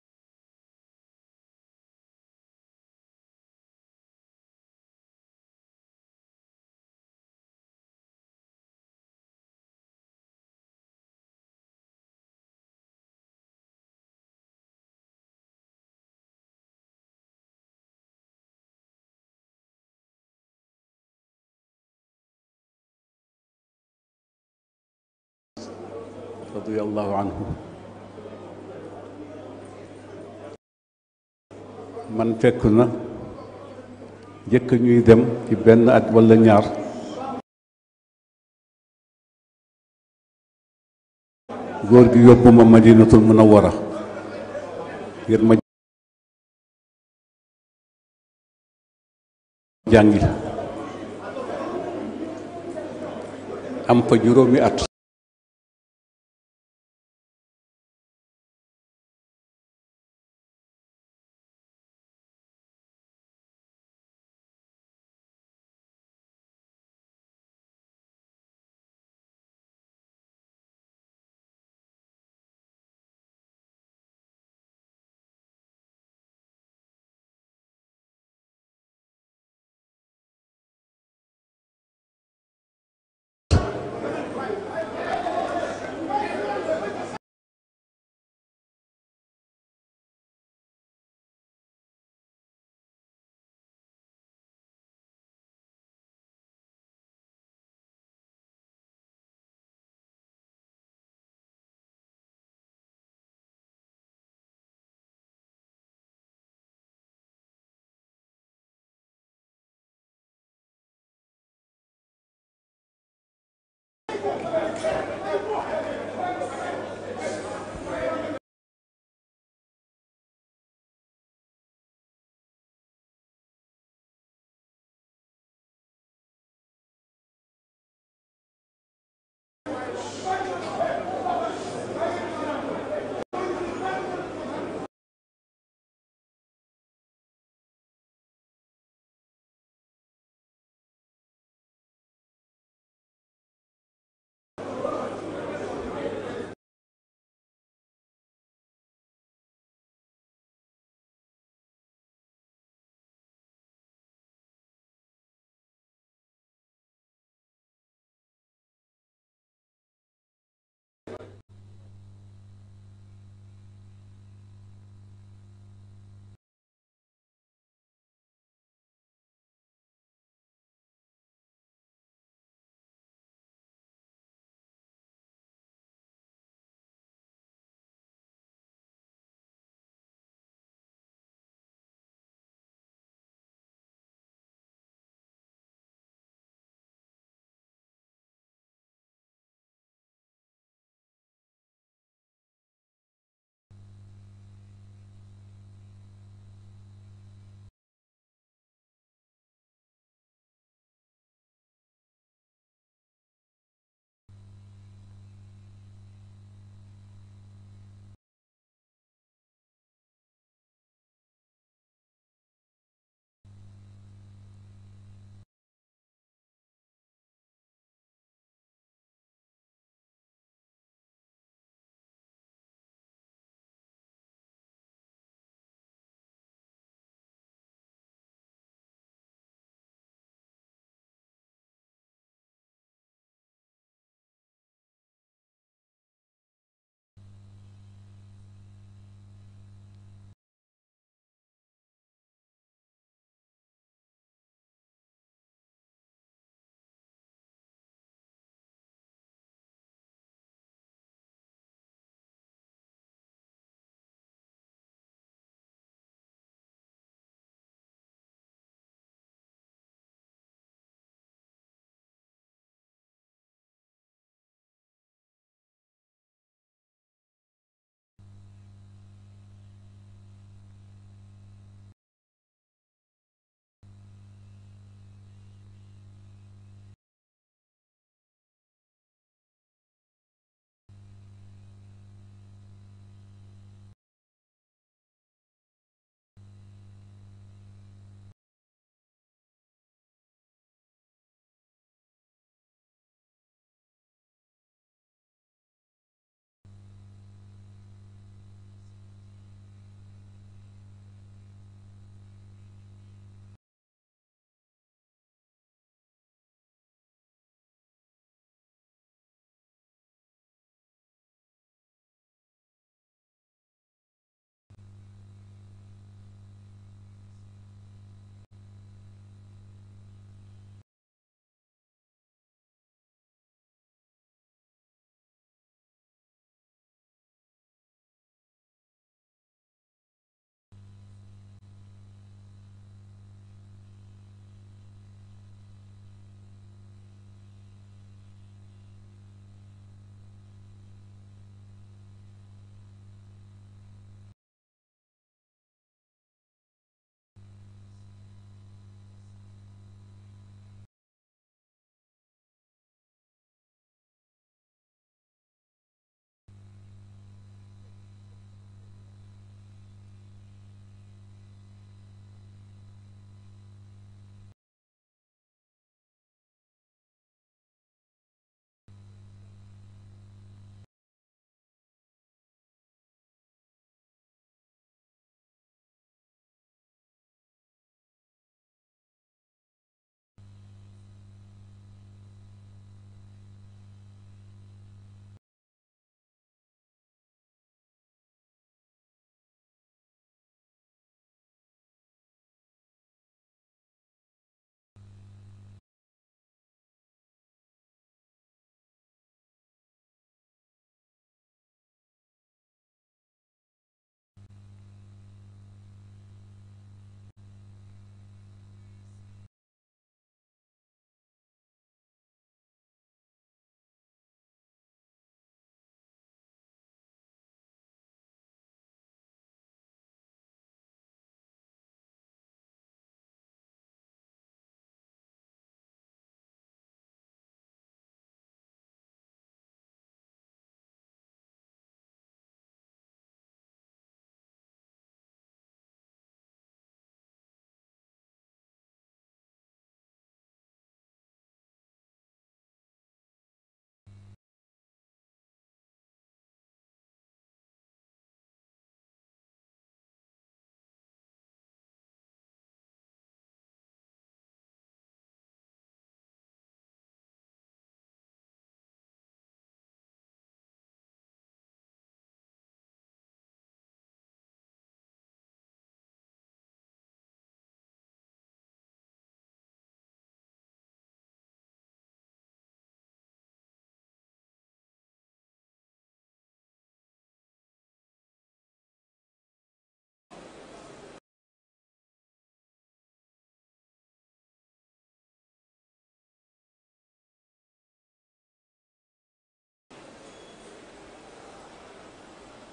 radiyallahu anhu man fekk na jëkk ñuy dem ci benn at walla ñaar góor gi yóbbu ma madinatul munawwara ngir ma jàngi am fa juróomi at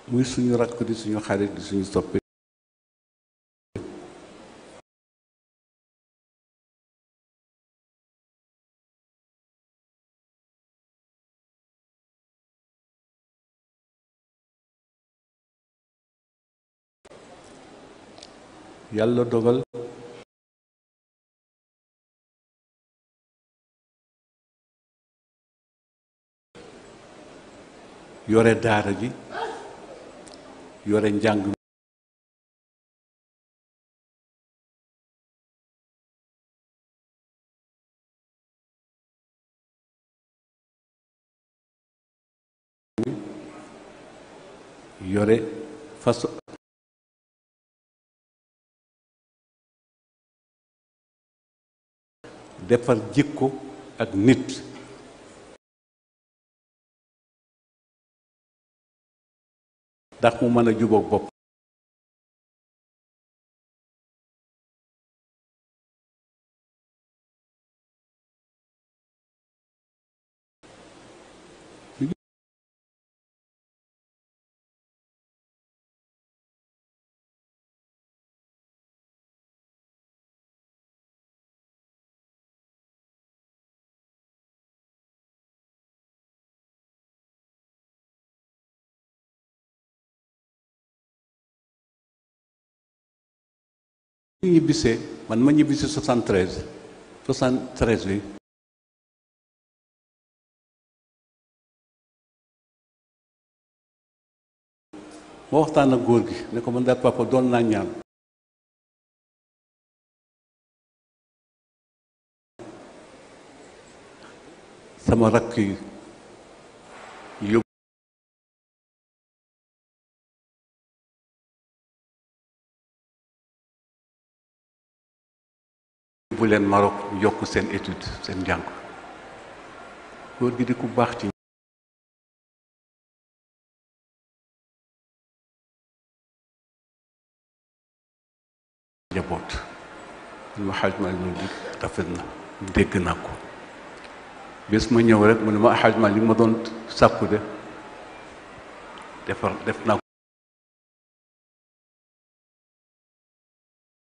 muy suñu rakk di suñu xarit di suñu soppe yàlla dogal yore daara ji yore njàng yore façon defar jikko ak nit ndax mu mën a jubook bopp ñu ñibbisee man ma ñibbisi 73 73 bi. ma waxtaan ak góor gi ne ko man daal papa doon naa ñaan. sama rakk yi. bu leen Maroc yokk seen étude seen njàng góor gi di ku baax ci njaboot ma xaaj ma li loolu rafet na dégg naa ko bés ma ñëw rek mu ne ma xaaj ma li ma doon sàkku de defar def naa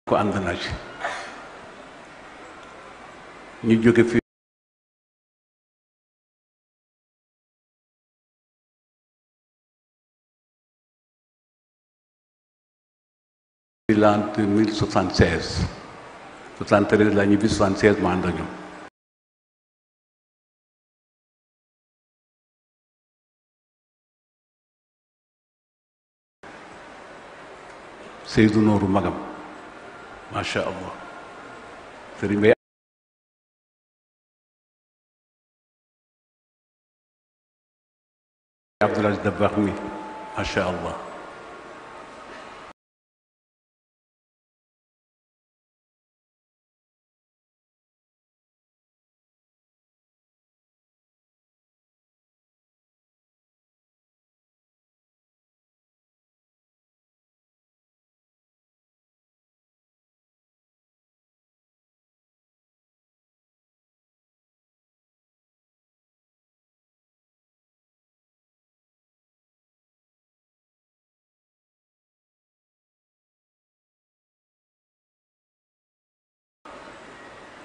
ko ànd ñu jóge fi l'an 2076 73 la ñibbi 76 ma ànd ak ñoom Seydou Nooru magam macha allah sëriñ Bay Abdoul Aziz Dabakh mi macha allah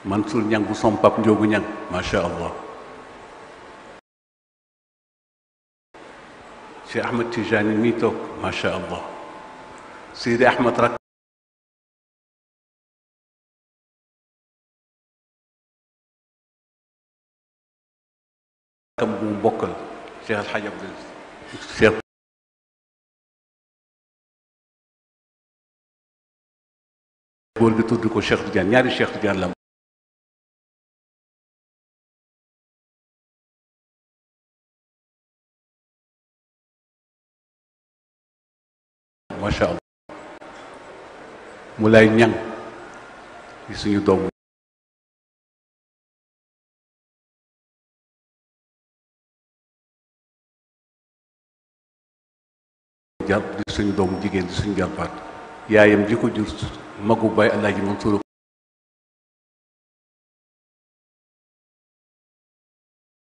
Mansour Niang bu som pap Njoogu Niang macha allah Cheikh Ahmed Tijani mii toog macha allah Sidi Ahmed rak kam bu mu bokkal Cheikh Alhaji Abdul Cheikh góor gi tudd ko Cheikh Tidiane ñaari Cheikh Tidiane la mu lay ñang suñu doom jigéen di suñu jarbaat yaayam ji ko jur magu baay Alaaji Mansuur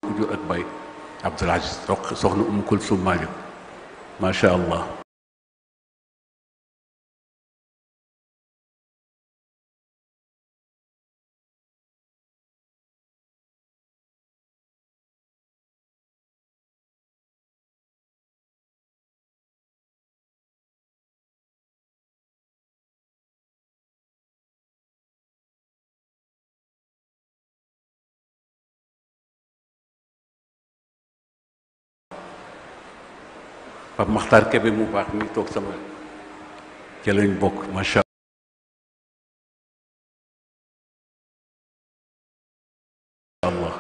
ko jur ak baay Abdul Aziz soxna Umm Kulsum Maalik masha allah Pape Makhtar Kébé mu baax mi toog sama ca lañ bokk macha allah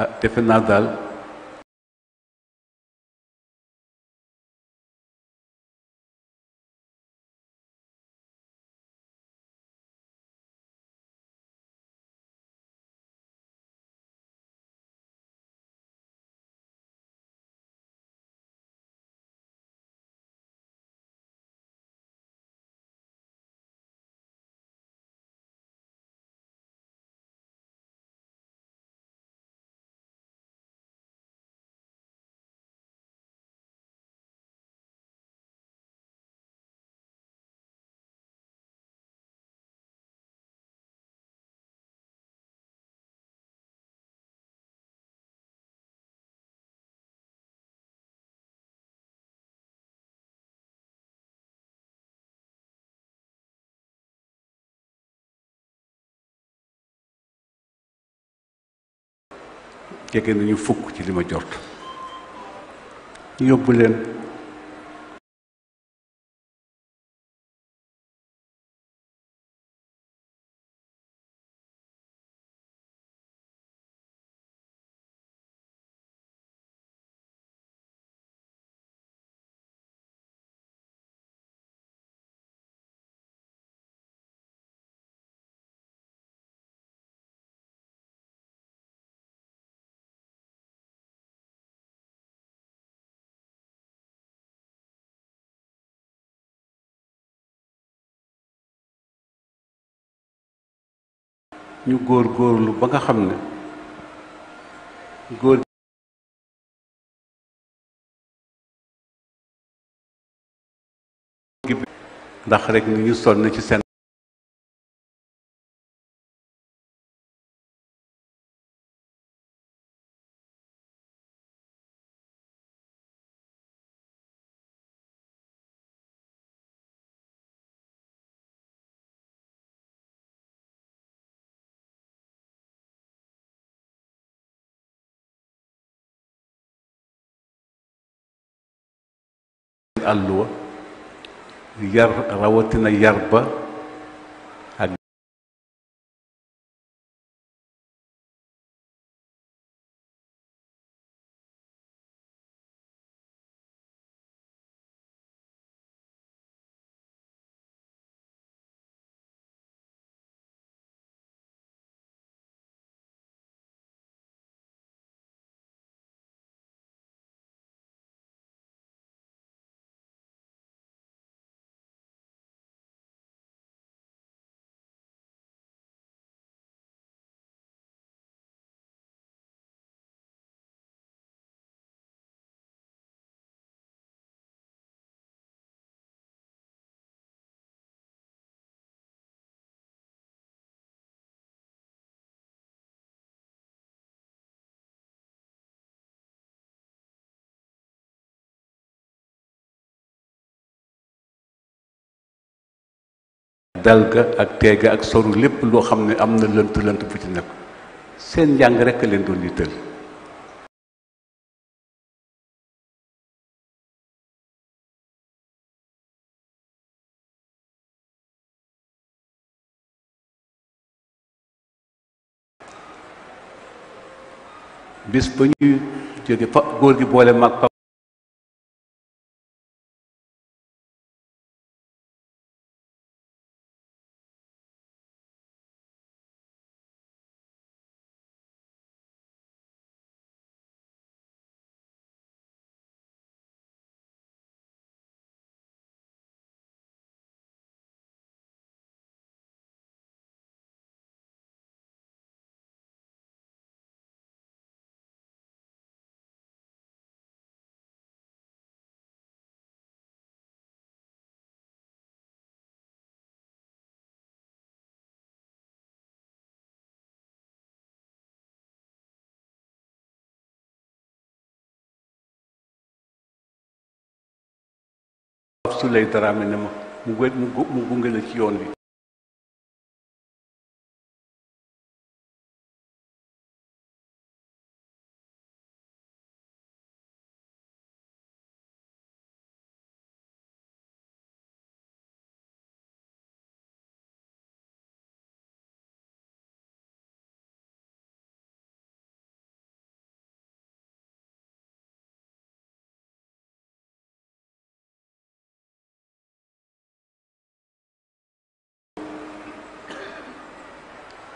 ah defe naa daal jege nañu fukk ci li ma jot yóbbu leen ñu góor góorlu ba nga xam ne góor gi ndax rek ni ñu sonn ci seen àll wa rawatina yar dal ga ak teega ak soru lépp loo xam ne am na lënt lënt bu ci nekk seen njàng rekk leen doon yitteel bis ba ñuy jóge pa góor gi boole mag su Souley Dramé ne ma mu mu gunge la ci yoon wi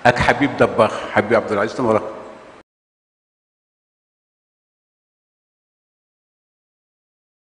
ak Habib Dabakh Habib Abdoul Aziz Dabakh